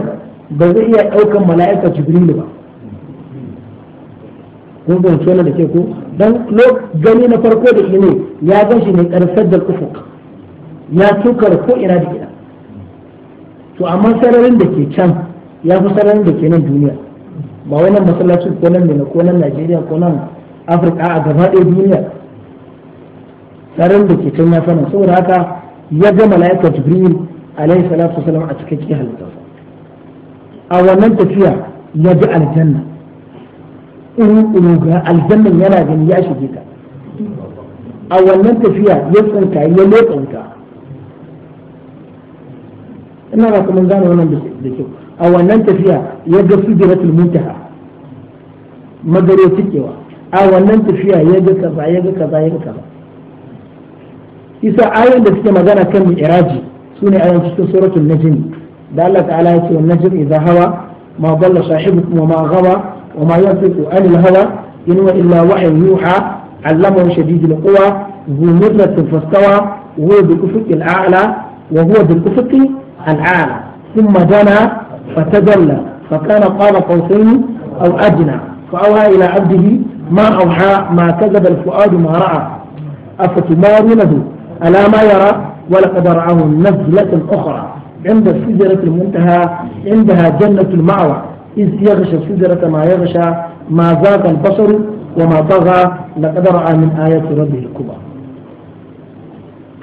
ba zai iya ɗaukan mala'ika jibril ba kun don wannan da ke ko dan gani na farko da ne ya gashi shi ne karfar da ufuk ya tukar ko ina da ina to amma sararin da ke can ya fi sararin da ke nan duniya ba wannan masallaci ko nan ne ko nan Najeriya ko nan Afirka a gaba ɗaya duniya sararin da ke can ya sanar saboda haka ya ga mala'ika jibrilu alaihi salatu wasalam a cikakken halittarsa a wannan tafiya ya bi aljanna uru ga aljannan yana gani ya shige ka. a wannan tafiya ya tsinka ya lotsa wuta ina ba kuma gane wannan da kyau a wannan tafiya ya ga sujiratul muntaha magare cikewa a wannan tafiya ya ga kaza ya ga kaza ya ga kaza isa ayoyin da suke magana kan mi'raji سنة أيام شكل سورة النجم دالة على النجم إذا هوى ما ضل صاحبكم وما غوى وما ينطق عن الهوى إن إلا وحي يوحى علمه شديد القوى ذو مرة فاستوى وهو بالأفق الأعلى وهو بالأفق الأعلى ثم دنا فتدلى فكان قال قوسين أو أدنى فأوحى إلى عبده ما أوحى ما كذب الفؤاد ما رأى أفتمارونه ألا ما يرى ولقد رآه نزلة أخرى عند سدرة المنتهى عندها جنة المأوى إذ يغشى السدرة ما يغشى ما زاغ البصر وما طغى لقد رأى من آيات ربه الكبرى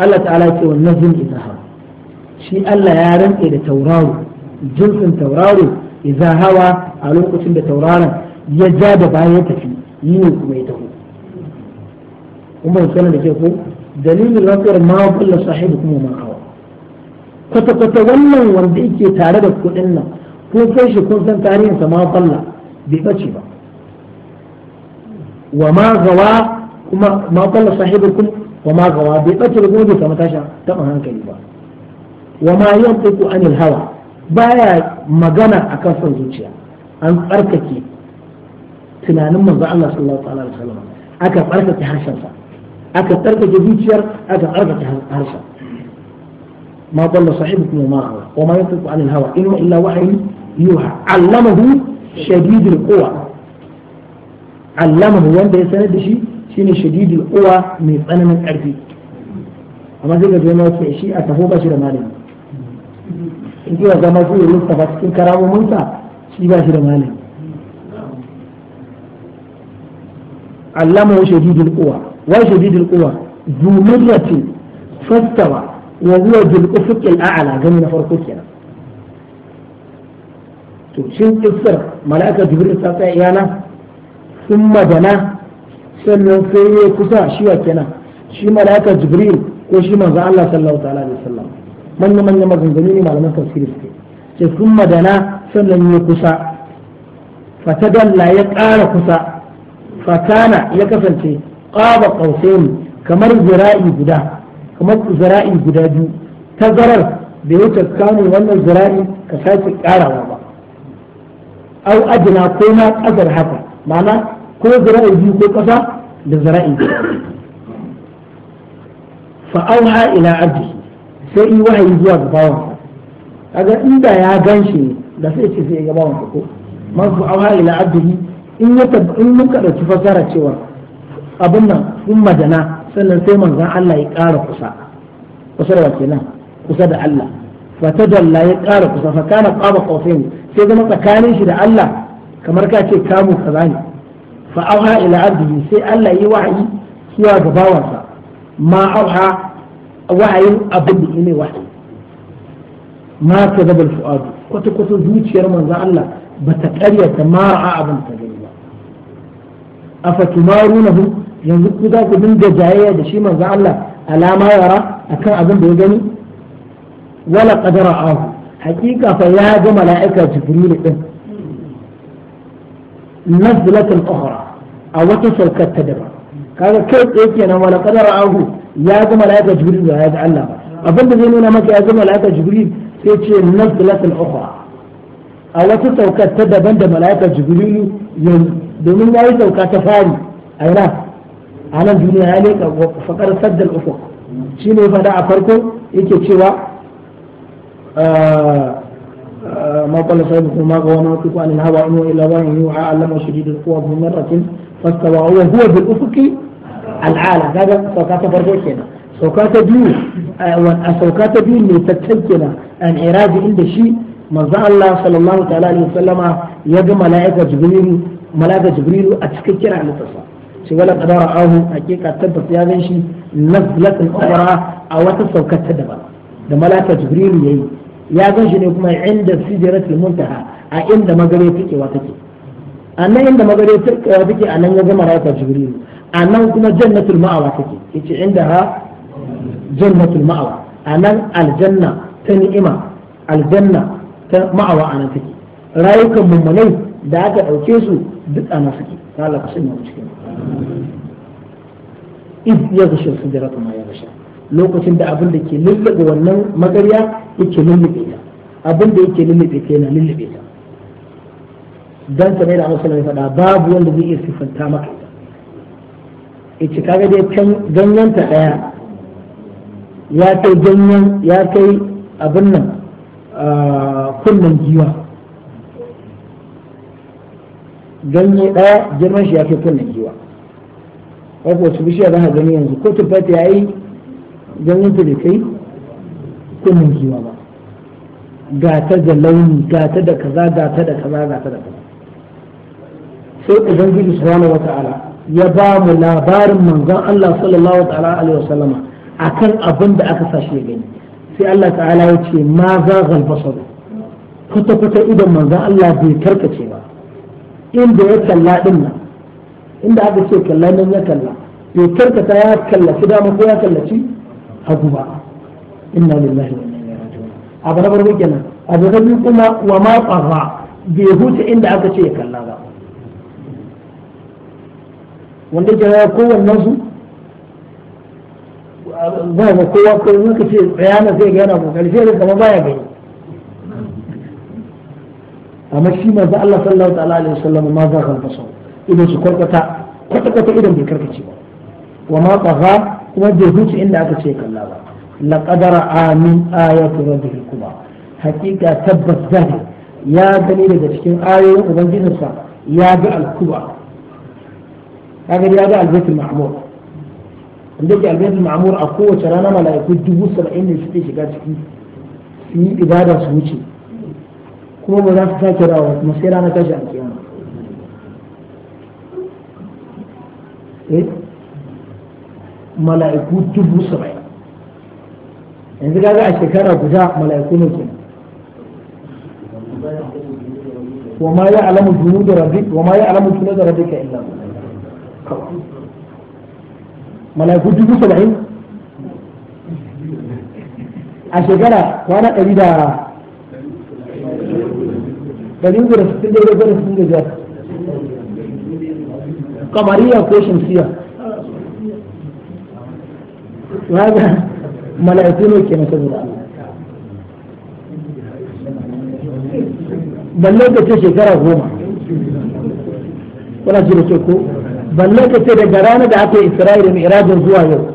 الله تعالى يقول نزل إذا هوى ألا الله إلى رمي لتورارو جنس إذا هوى على وقت بتورانا يجاب بايته في يوم ما وما يسألنا كيف dalilin lafiyar ma wa kulla sahibu kuma ma hawa kwata kwata wannan wanda yake tare da kuɗin nan ko kai shi kun san tarihinsa ma kulla bai bace ba wa ma gawa kuma ma kulla sahibu kuma wa ma gawa bai bace ba kuma bai samu tashin taɓin hankali ba wa ma yantiqu anil hawa baya magana akan son zuciya an tsarkake tunanin manzo Allah sallallahu alaihi wasallam aka tsarkake harshensa aka tsarkake zuciyar aka tsarkake harshen hawa ضل صاحبكم وما غوى وما ينطق عن الهوى إن إلا وحي يوحى علمه شديد القوى علمه وين ده سند شيء شيء شديد القوى mai tsananin الأرض amma sai ga zama wasu shi a taho ba shi da malami in kiwa zama su yi rufa ba cikin shi ba shi da malami allama shadidul quwa wa shadidul quwa zumurrati fastawa wa huwa dhul ufuqil a'la gani na farko kenan to shin kissar mala'ika jibril ta tsaya iyana summa dana sannan sai ya kusa shi wa kenan shi mala'ika jibril ko shi manzo Allah sallallahu ta'ala alaihi wasallam manyan manyan maganganu ne malaman tafsiri suke ce summa sannan ya kusa fatadalla ya ƙara kusa fakana ya kasance qaba qausain kamar zira'i guda kamar zira'i guda biyu ta zarar ya tsakanin wannan zira'i ka sake ba au adina ko na kasar haka ma'ana ko zira'i biyu ko ƙasa da zira'i fa auha ila abdi sai yi wahayi zuwa ga bawansa kaga ya ganshi da sai ce sai ga bawansa ko man fa auha ila abdihi in ya in muka dauki fasara cewa abin nan in madana sannan sai manzon Allah ya ƙara kusa kusa da kenan kusa da Allah fa tajalla ya ƙara kusa fa kana qaba qawsain sai zama tsakanin shi da Allah kamar ka ce kamu kaza ne fa auha ila abdihi sai Allah yi wahayi zuwa ga bawansa ma auha wahayin abin da ne wahayi ma ka zabal fu'adu kwata kwata zuciyar manzon Allah ba ta karyata ma a abin ta afatumarunahum yanzu ku za ku dinga jayayya da shi manzo Allah alama yara akan abin da ya gani wala qadara ahu hakika fa ya ga mala'ika jibril din nazlatan ukhra a wata saukar ta daban kaga kai tsaye kenan wala qadara ahu ya ga mala'ika jibril ba ya ga Allah ba abin da zai nuna maka ya ga mala'ika jibril sai ce nazlatan ukhra a wata saukar ta daban da mala'ika jibril yanzu domin ya yi sauka ta fari a yana a nan duniya ya leka faƙar saddal uku shi ne fada a farko yake cewa ما قال صاحبكم ما قوى ما وكفوا عن الهوى إنه إلا وحي يوحى علمه شديد القوى ذو مرة فاستوى وهو بالأفق العالى هذا سوكات فرقو كنا سوكات بيو سوكات بيو اللي تتكنا انعراج عند shi manzo Allah sallallahu ta'ala alaihi wasallama ya ga mala'ika Jibril malaka jibrilu a cikin kira nufarsa shi wala kadara ahu hakika tabbas ya gan shi nazlatul ukhra a wata saukar ta daban da malaka jibrilu yayi ya gan shi ne kuma inda sidratul muntaha a inda magare take wa take annan inda magare take wa take anan ya ga malaka jibrilu anan kuma jannatul ma'awa take yace inda ha jannatul ma'awa anan aljanna ta ni'ima aljanna ta ma'awa anan take rayukan mummunai da aka ɗauke su duk ana suke kala ku sanya cikin id ya shi sun da ma ya gushe lokacin da abin da ke lullube wannan magarya yake lullube ta abin da yake lullube ta yana lullube ta dan kamar da Allah sallallahu faɗa babu wanda zai iya sifanta maka ita kaga dai can ganyen ta daya ya kai ganyen ya kai abin nan ah, kunnen giwa ganye ɗaya girman shi ya fi kunnen giwa ko wasu bishiya za ka gani yanzu ko tuffata ya yi ganyen ta da kai kunnen giwa ba gata da launi gata da kaza gata da kaza gata da kaza sai ubangiji subhanahu wata'ala ya ba mu labarin manzon Allah sallallahu ta'ala alaihi wasallama akan abin da aka sashi ya gani sai Allah ta'ala ya ce ma za galbasar kwata-kwata idan manzon Allah bai karkace ba inda ya kalla din nan inda aka ce kalla nan ya kalla to karkata ya kallaci dama ko ya kallaci hagu ba inna lillahi wa inna ilaihi raji'un abu na farko kenan abu na biyu kuma wa ma tsara bai huce inda aka ce ya kalla ba wanda ke ya kowannen su za ga kowa ko in ka ce bayana zai ga yana kokari sai da kama baya gani amma shi manzo Allah sallallahu ta'ala alaihi wasallam ma za ka fasa idan su kwata kwata idan bai karkace ba wa ma tsaha kuma bai huce inda aka ce kalla ba laqadara amin ayatu rabbih kuma hakika tabbas zahir ya gani daga cikin ayoyin ubangijinsa ya ga alkuba kaga ya ga albaitul mahmud inda ke albaitul mahmud a kowace rana mala'iku dubu saba'in ne suke shiga ciki su yi ibada su wuce kuma ba za su sake rawa kuma sai rana tashi a kiyama eh mala'iku dubu saba'in yanzu kaga a shekara guda mala'iku ne kenan wa ma ya alamu junu da rabbi wa ma ya alamu junu da rabbi ka illa mala'iku dubu saba'in a shekara kwana ɗari da ɗari uku da sittin da uku da sittin da biyar kamariya ko shamsiya waga mala'iku ne ke masa guda balle ka ce shekara goma kuna ji da ke ko balle ka ce daga rana da aka yi isra'ila mai irajin zuwa yau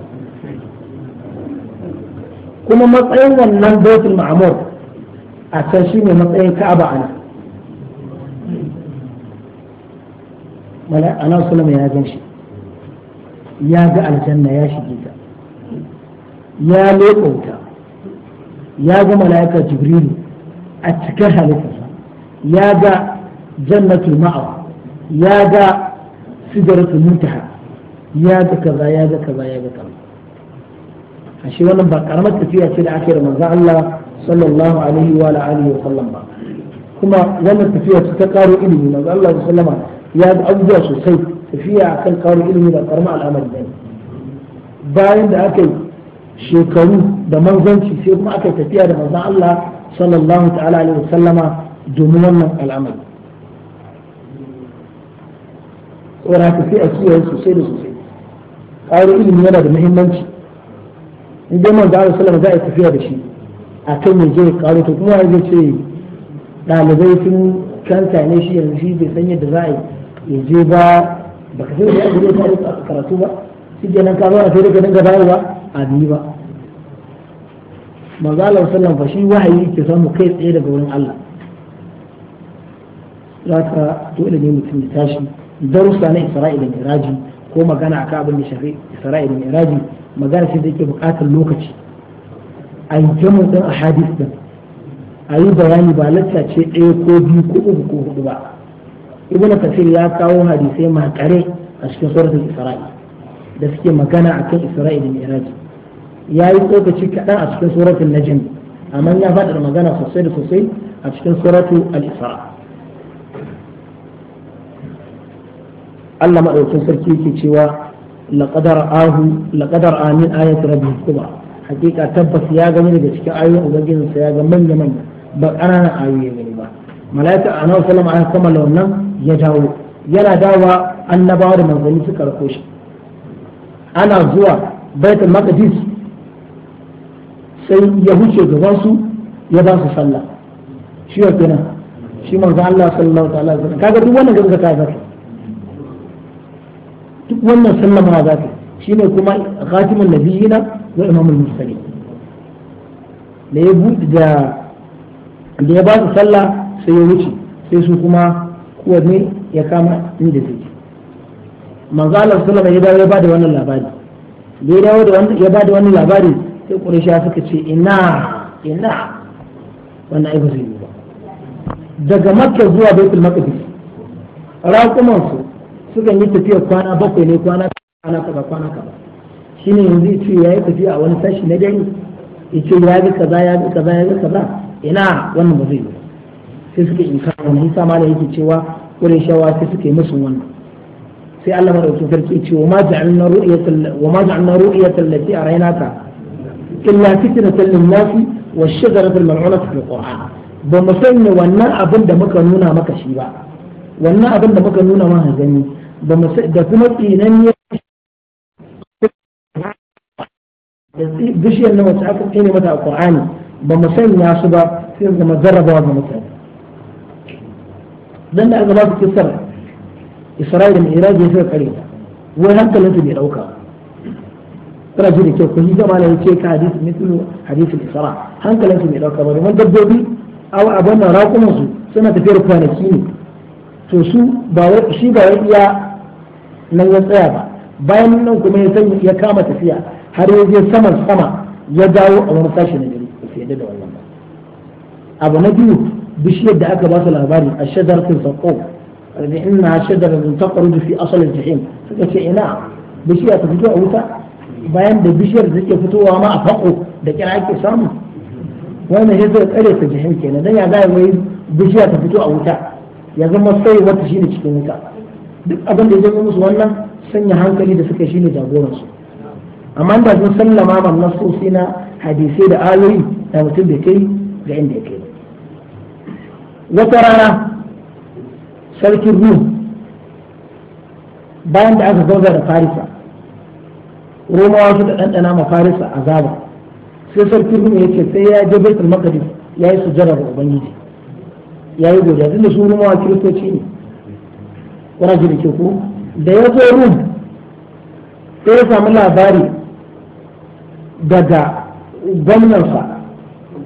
kuma matsayin wannan baitul ma'amur a can shi ne matsayin ka'aba a nan ana sulama ya gan shi ya ga aljanna ya shige ta ya leƙauta ya ga mala'ika jibrilu a cikin halittarsa ya ga jannatul ma'awa ya ga sidratul muntaha ya ga kaza ya ga kaza ya ga kaza ashe wannan ba karamar tafiya ce da ake da manzo Allah sallallahu alaihi wa alihi wa sallam ba kuma wannan tafiya ce ta karo ilimi manzo Allah sallallahu alaihi wa sallama ya bi abubuwa sosai tafiya a kan kawo ilimi da karma al'amari ne bayan da aka yi shekaru da manzanci sai kuma aka tafiya da manzan Allah sallallahu ta'ala alaihi wasallama domin wannan al'amari tsora ka sai a kiyaye sosai da sosai ƙaro ilimi yana da muhimmanci in dai manzo Allah sallallahu za a tafiya da shi akan ya je ƙaro to kuma ya ce ɗalibai sun kanta ne shi yanzu shi bai san yadda za a yi yaje ba ba ka sai da abu da a karatu ba shi ke nan kama sai daga dinga ba a biyu ba maza ala sallallahu alaihi shi wahayi ke samu kai tsaye daga wurin Allah za ka dole ne mutum ya tashi darussa na Isra'ila da Miraji ko magana a abin da shafi Isra'ila da Miraji magana ce da ke bukatar lokaci a yi jamus din a hadis din a yi bayani ba lacca ce ɗaya ko biyu ko uku ko hudu ba ibnu kafir ya kawo hadisai makare a cikin suratul isra'i da suke magana a kan isra'i da mi'raj ya yi tsokaci kaɗan a cikin suratul najm amma ya faɗa magana sosai da sosai a cikin suratul al-isra Allah maɗaukin sarki yake cewa laƙadar ahu laƙadar amin ayat rabbi kuma hakika tabbas ya gani daga cikin ayoyin ubangijinsa ya ga manya manya ba ƙananan ayoyi gani ba malaika annabi sallama an kammala wannan ya dawo yana dawa annabawa da manzanni suka rako shi ana zuwa baitul maqdis sai ya huce gaban su ya ba su sallah shi wa kenan shi manzo Allah sallallahu ta'ala alaihi wasallam kaga duk wannan gaza ka duk wannan sallama shi shine kuma khatimun nabiyina wa imamul mursalin da ya da ya ba su sallah sai ya wuce sai su kuma kowanne ya kama inda ce manzo Allah sallama ya dawo ya bada wannan labari da ya dawo da wannan ya bada wannan labari sai Quraysha suka ce ina ina wannan ai ba zai yi ba daga Makka zuwa Baitul Maqdis raƙuman su sukan yi tafiya kwana bakwai ne kwana kwana kaza kwana kaza shine yanzu ya ce yayi tafiya a wani sashi na dare ya ce ya ga kaza ya ga kaza ya ga kaza ina wannan ba zai yi sai suka inkara mun sa mala yake cewa shawa sai suka yi musu wannan sai Allah madaukakin sarki ce wa ma ru'yatal wa ma ru'yatal lati araynaka illa fitnatan lin-nasi wash-shajaratal mal'unata fil qur'an ba mu sanya wannan abin da muka nuna maka shi ba wannan abin da muka nuna maka gani ba mu da kuma tsinan ya da bishiyar nan wacce aka tsine mata a qur'ani ba mu sanya su ba sai zama jarrabawa ga mutane dan da aka ba su kissar Isra'ila mai Iraki ya suka kare ta wai hankalinsu bai dauka kana ji da kyau ko shi zama ne ce ka hadisi mithlu hadisi isra bai dauka ba domin dabbobi aw abin nan raƙuman su suna tafiyar kwanaki ne to su ba wai shi ba wai iya nan ya tsaya ba bayan nan kuma ya san ya kama tafiya har ya je saman sama ya dawo a wani sashi na gari ba su yadda da wannan ba abu na biyu bishiyar da aka ba su labari a shadar tun sako da ina shadar da ta kwaru fi asalin jihim suka ce ina bishiya ta fito a wuta bayan da bishiyar da take fitowa ma a fako da kira ake samu wannan ya zai tsare ta jihim kenan dan ya zai wai bishiya ta fito a wuta ya zama sai wata shine cikin wuta duk abin da ya zama musu wannan sanya hankali da suka shine jagoransu amma da sun sallama man nasosi na hadisai da ayoyi da mutum da kai ga inda ya kai wata rana sarkin rum bayan da aka gauza da farisa romawa da ɗanɗana ma farisa a zaba sai sarkin rum ya ce sai ya je baitul maqdis ya yi sujjada ga ubangiji ya yi godiya tunda su romawa kiristoci ne ƙwararci da ke ku da ya zo rum sai ya samu labari daga gwamnansa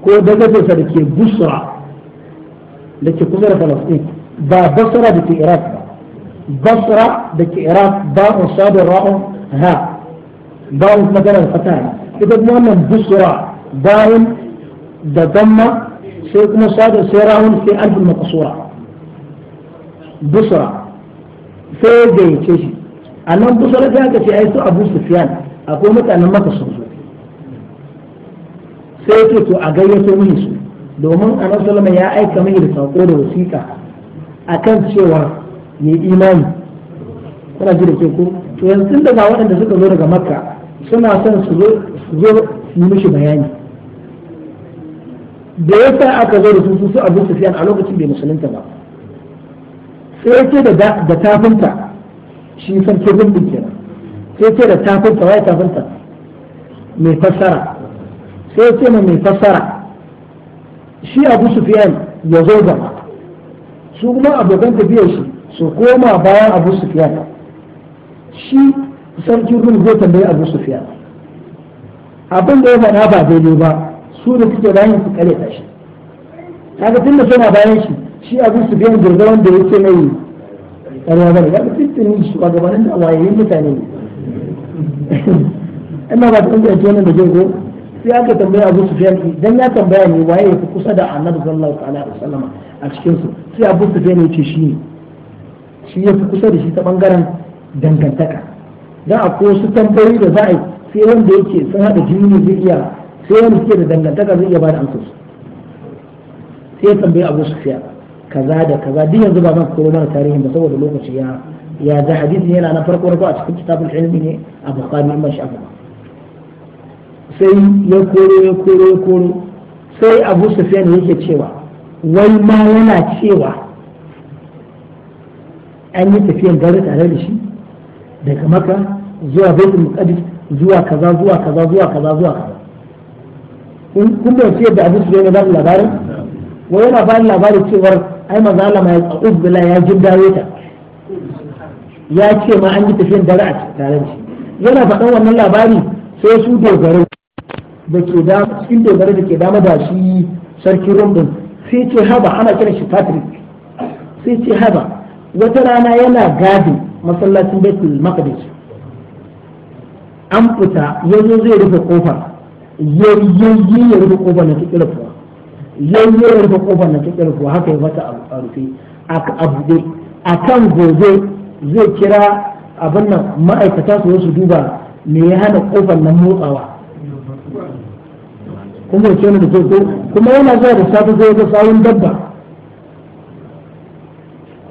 ko daga da ke busra da ke kusa da falastin ba basra da ke iraq ba basra da ke iraq ba un sadar ra'un ha ba un da fata ita kuma wannan busra bayan da gamma sai kuma sadar sai ra'un sai alfin makasura busra sai gayyace shi a nan busra ta aka ce yi su abu sufyan akwai mutanen maka sun zo sai ce to a gayyato mini su domin nan sallama ya aika mai da sako da wasiƙa akan cewa ya imani kuna ji da ke ko to yanzu tun daga waɗanda suka zo daga makka suna son su zo su yi mishi bayani da ya sa aka zo da su su abu sufiyan a lokacin bai musulunta ba sai ya ce da tafinta shi sarkin rumbin kenan sai ce da tafinta waye tafinta mai fassara sai ce ma mai fassara shi abu sufiyan ya zo gaba su kuma abokan tafiyar shi su koma bayan abu sufiyan shi sarkin rum zai tambayi abu sufiyan abin da ya faɗa ba daidai ba su da suke bayan su kare tashi kaga tunda suna bayan shi shi abu sufiyan girga wanda ya ce mai ƙarya ba ne kaga tuntuni shi ba gabanin da wayayin mutane ne ina ba ta ɗauke wannan da jirgo sai aka tambaya Abu Sufyan dan ya tambaya ne waye ya fi kusa da Annabi sallallahu alaihi wasallam a cikin su sai Abu Sufyan ya ce shi ne shi ya fi kusa da shi ta bangaren dangantaka dan akwai wasu tambayoyi da za a yi sai wanda yake sun hada jini zai iya sai wanda suke da dangantaka zai iya ba da amsa sai ya tambaya Abu Sufyan kaza da kaza duk yanzu ba zan koro mana tarihin ba saboda lokaci ya ya da hadisi yana na farko farko a cikin kitabul ilmi ne a Bukhari in ba shi ba sai ya koro ya koro ya koro sai abu sufyan yake cewa wai ma yana cewa an yi tafiyan dare tare da shi daga maka zuwa baitul muqaddis zuwa kaza zuwa kaza zuwa kaza zuwa kaza kun da ce da abu sufyan ya ba labarin wai yana ba labarin cewar ai manzo Allah ma ya tsa'ud bila ta ya ce ma an yi tafiyan dare a tare da shi yana faɗan wannan labari sai su dogaro da ke da cikin dogara da ke dama da shi sarki rumbin sai ce haba ana kiran shi patrick sai ce haba wata rana yana gadi masallacin baitul maqdis an fita yanzu zai rufe kofa yayyayi ya rufe kofa na cikin rufuwa yayyayi ya rufe kofa na cikin rufuwa haka ya mata a rufe a buɗe a kan gobe zai kira abin nan ma'aikata su su duba me ya hana kofar nan motsawa kuma ce ne da ke ko kuma yana zuwa da safe zai ga sawun dabba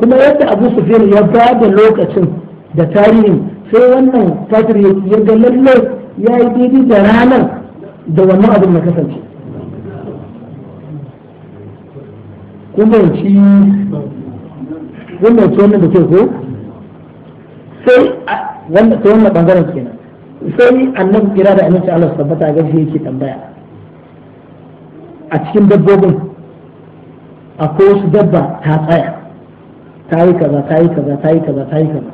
kuma yadda abu sufiyan ya ba da lokacin da tarihin sai wannan kafir ya ga lalle ya yi daidai da ranar da wannan abin na kasance kuma ci wannan ce wannan da ke ko sai wannan ta wannan bangaren kenan sai annabi kira da aminci Allah tabbata ga shi yake tambaya a cikin dabbobin akwai wasu dabba ta tsaya ta yi kaza ta yi kaza ta yi kaza ta yi kaza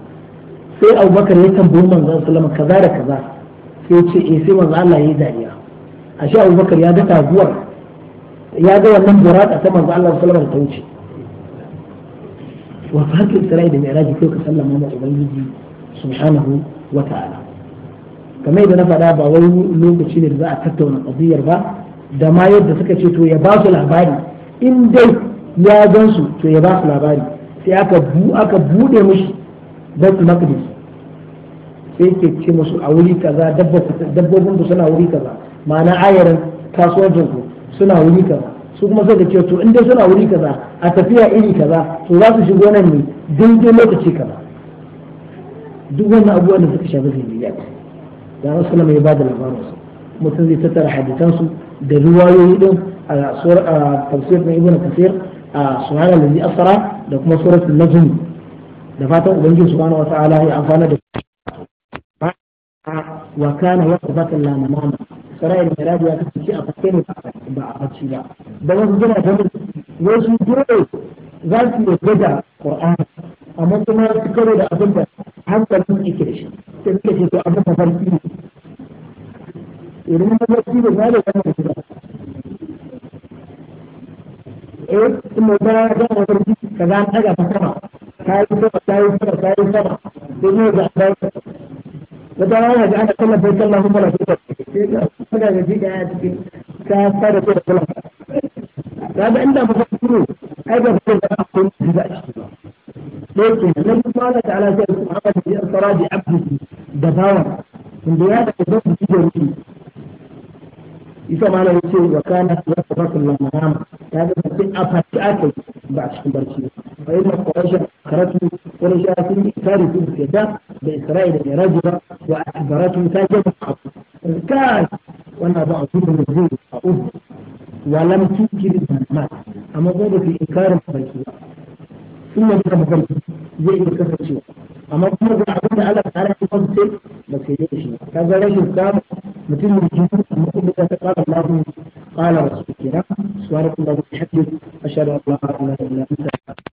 sai abubakar ya tambayi manzan sallama kaza da kaza sai ce eh sai manzan Allah ya yi dariya ashe abubakar ya ga taguwar ya ga wannan buraka ta manzan Allah sallama ta wuce wa fatu tsirai da mai kai ka sallama ma ubangiji subhanahu wa ta'ala kamar yadda na faɗa ba wani lokaci ne da za a tattauna ƙadiyar ba da ma yadda suka ce to ya ba su labari in dai ya gan su to ya ba su labari sai aka bu aka bude mishi baitul maqdis sai ke ce musu a wuri kaza dabbobin ku suna wuri kaza ma'ana ayarin kasuwancin ku suna wuri kaza su kuma suka ce to in dai suna wuri kaza a tafiya iri kaza to za su shigo nan ne daidai lokaci kaza duk wannan abubuwan da suka shafi zai da rasulullah mai ba da labarin su mutum zai tattara hadisansu da riwayoyi din a tafsir na ibn kafir a sunan lalzi asara da kuma suratul najm da fatan ubangiji subhanahu wa ta'ala ya amfana da wa kana waqfatan la manama sarai da rabi ya kasance a fakke ba a bacci ba da wasu jira da wasu dole za su yarda da qur'ani amma kuma su karo da abin da hankalin yake da shi sai suke ce to abin da farki ilimin mazaci da na da zama shi ba eh mu ba ya ga wani jiki ka za ta ga sama ka yi sama ka yi sama ta yi sama da ne ga ba da da ya ga ana kallon bai kallon kuma da shi ba sai ga kuma da ya ji ta fara da kallon da da inda ba ku ne ai ba ku da akwai shi ba لكن النبي صلى الله عليه وسلم في الصلاة عبده دفاعا من بيادة الزوج في جريمه isa malam yace wa kana tasarrufu lil manam ya ga mutum a fati aka ba a cikin barci fa inna quraisha karatu quraisha sun yi tare su ke da da isra'ila da rajula wa akbaratu ta jaba kan wannan ba a zuwa da zuwa a uku wa lam tukir manam amma ko da fi inkarin barci ba sun yi kama zai iya kasancewa amma kuma ga abin da Allah ta'ala ya kwanta ba su yi shi ka ga rashin samu mutum mai jini mutum da ta kara lahu kala wasu kenan su wani kuma da shi a shaɗin Allah Allah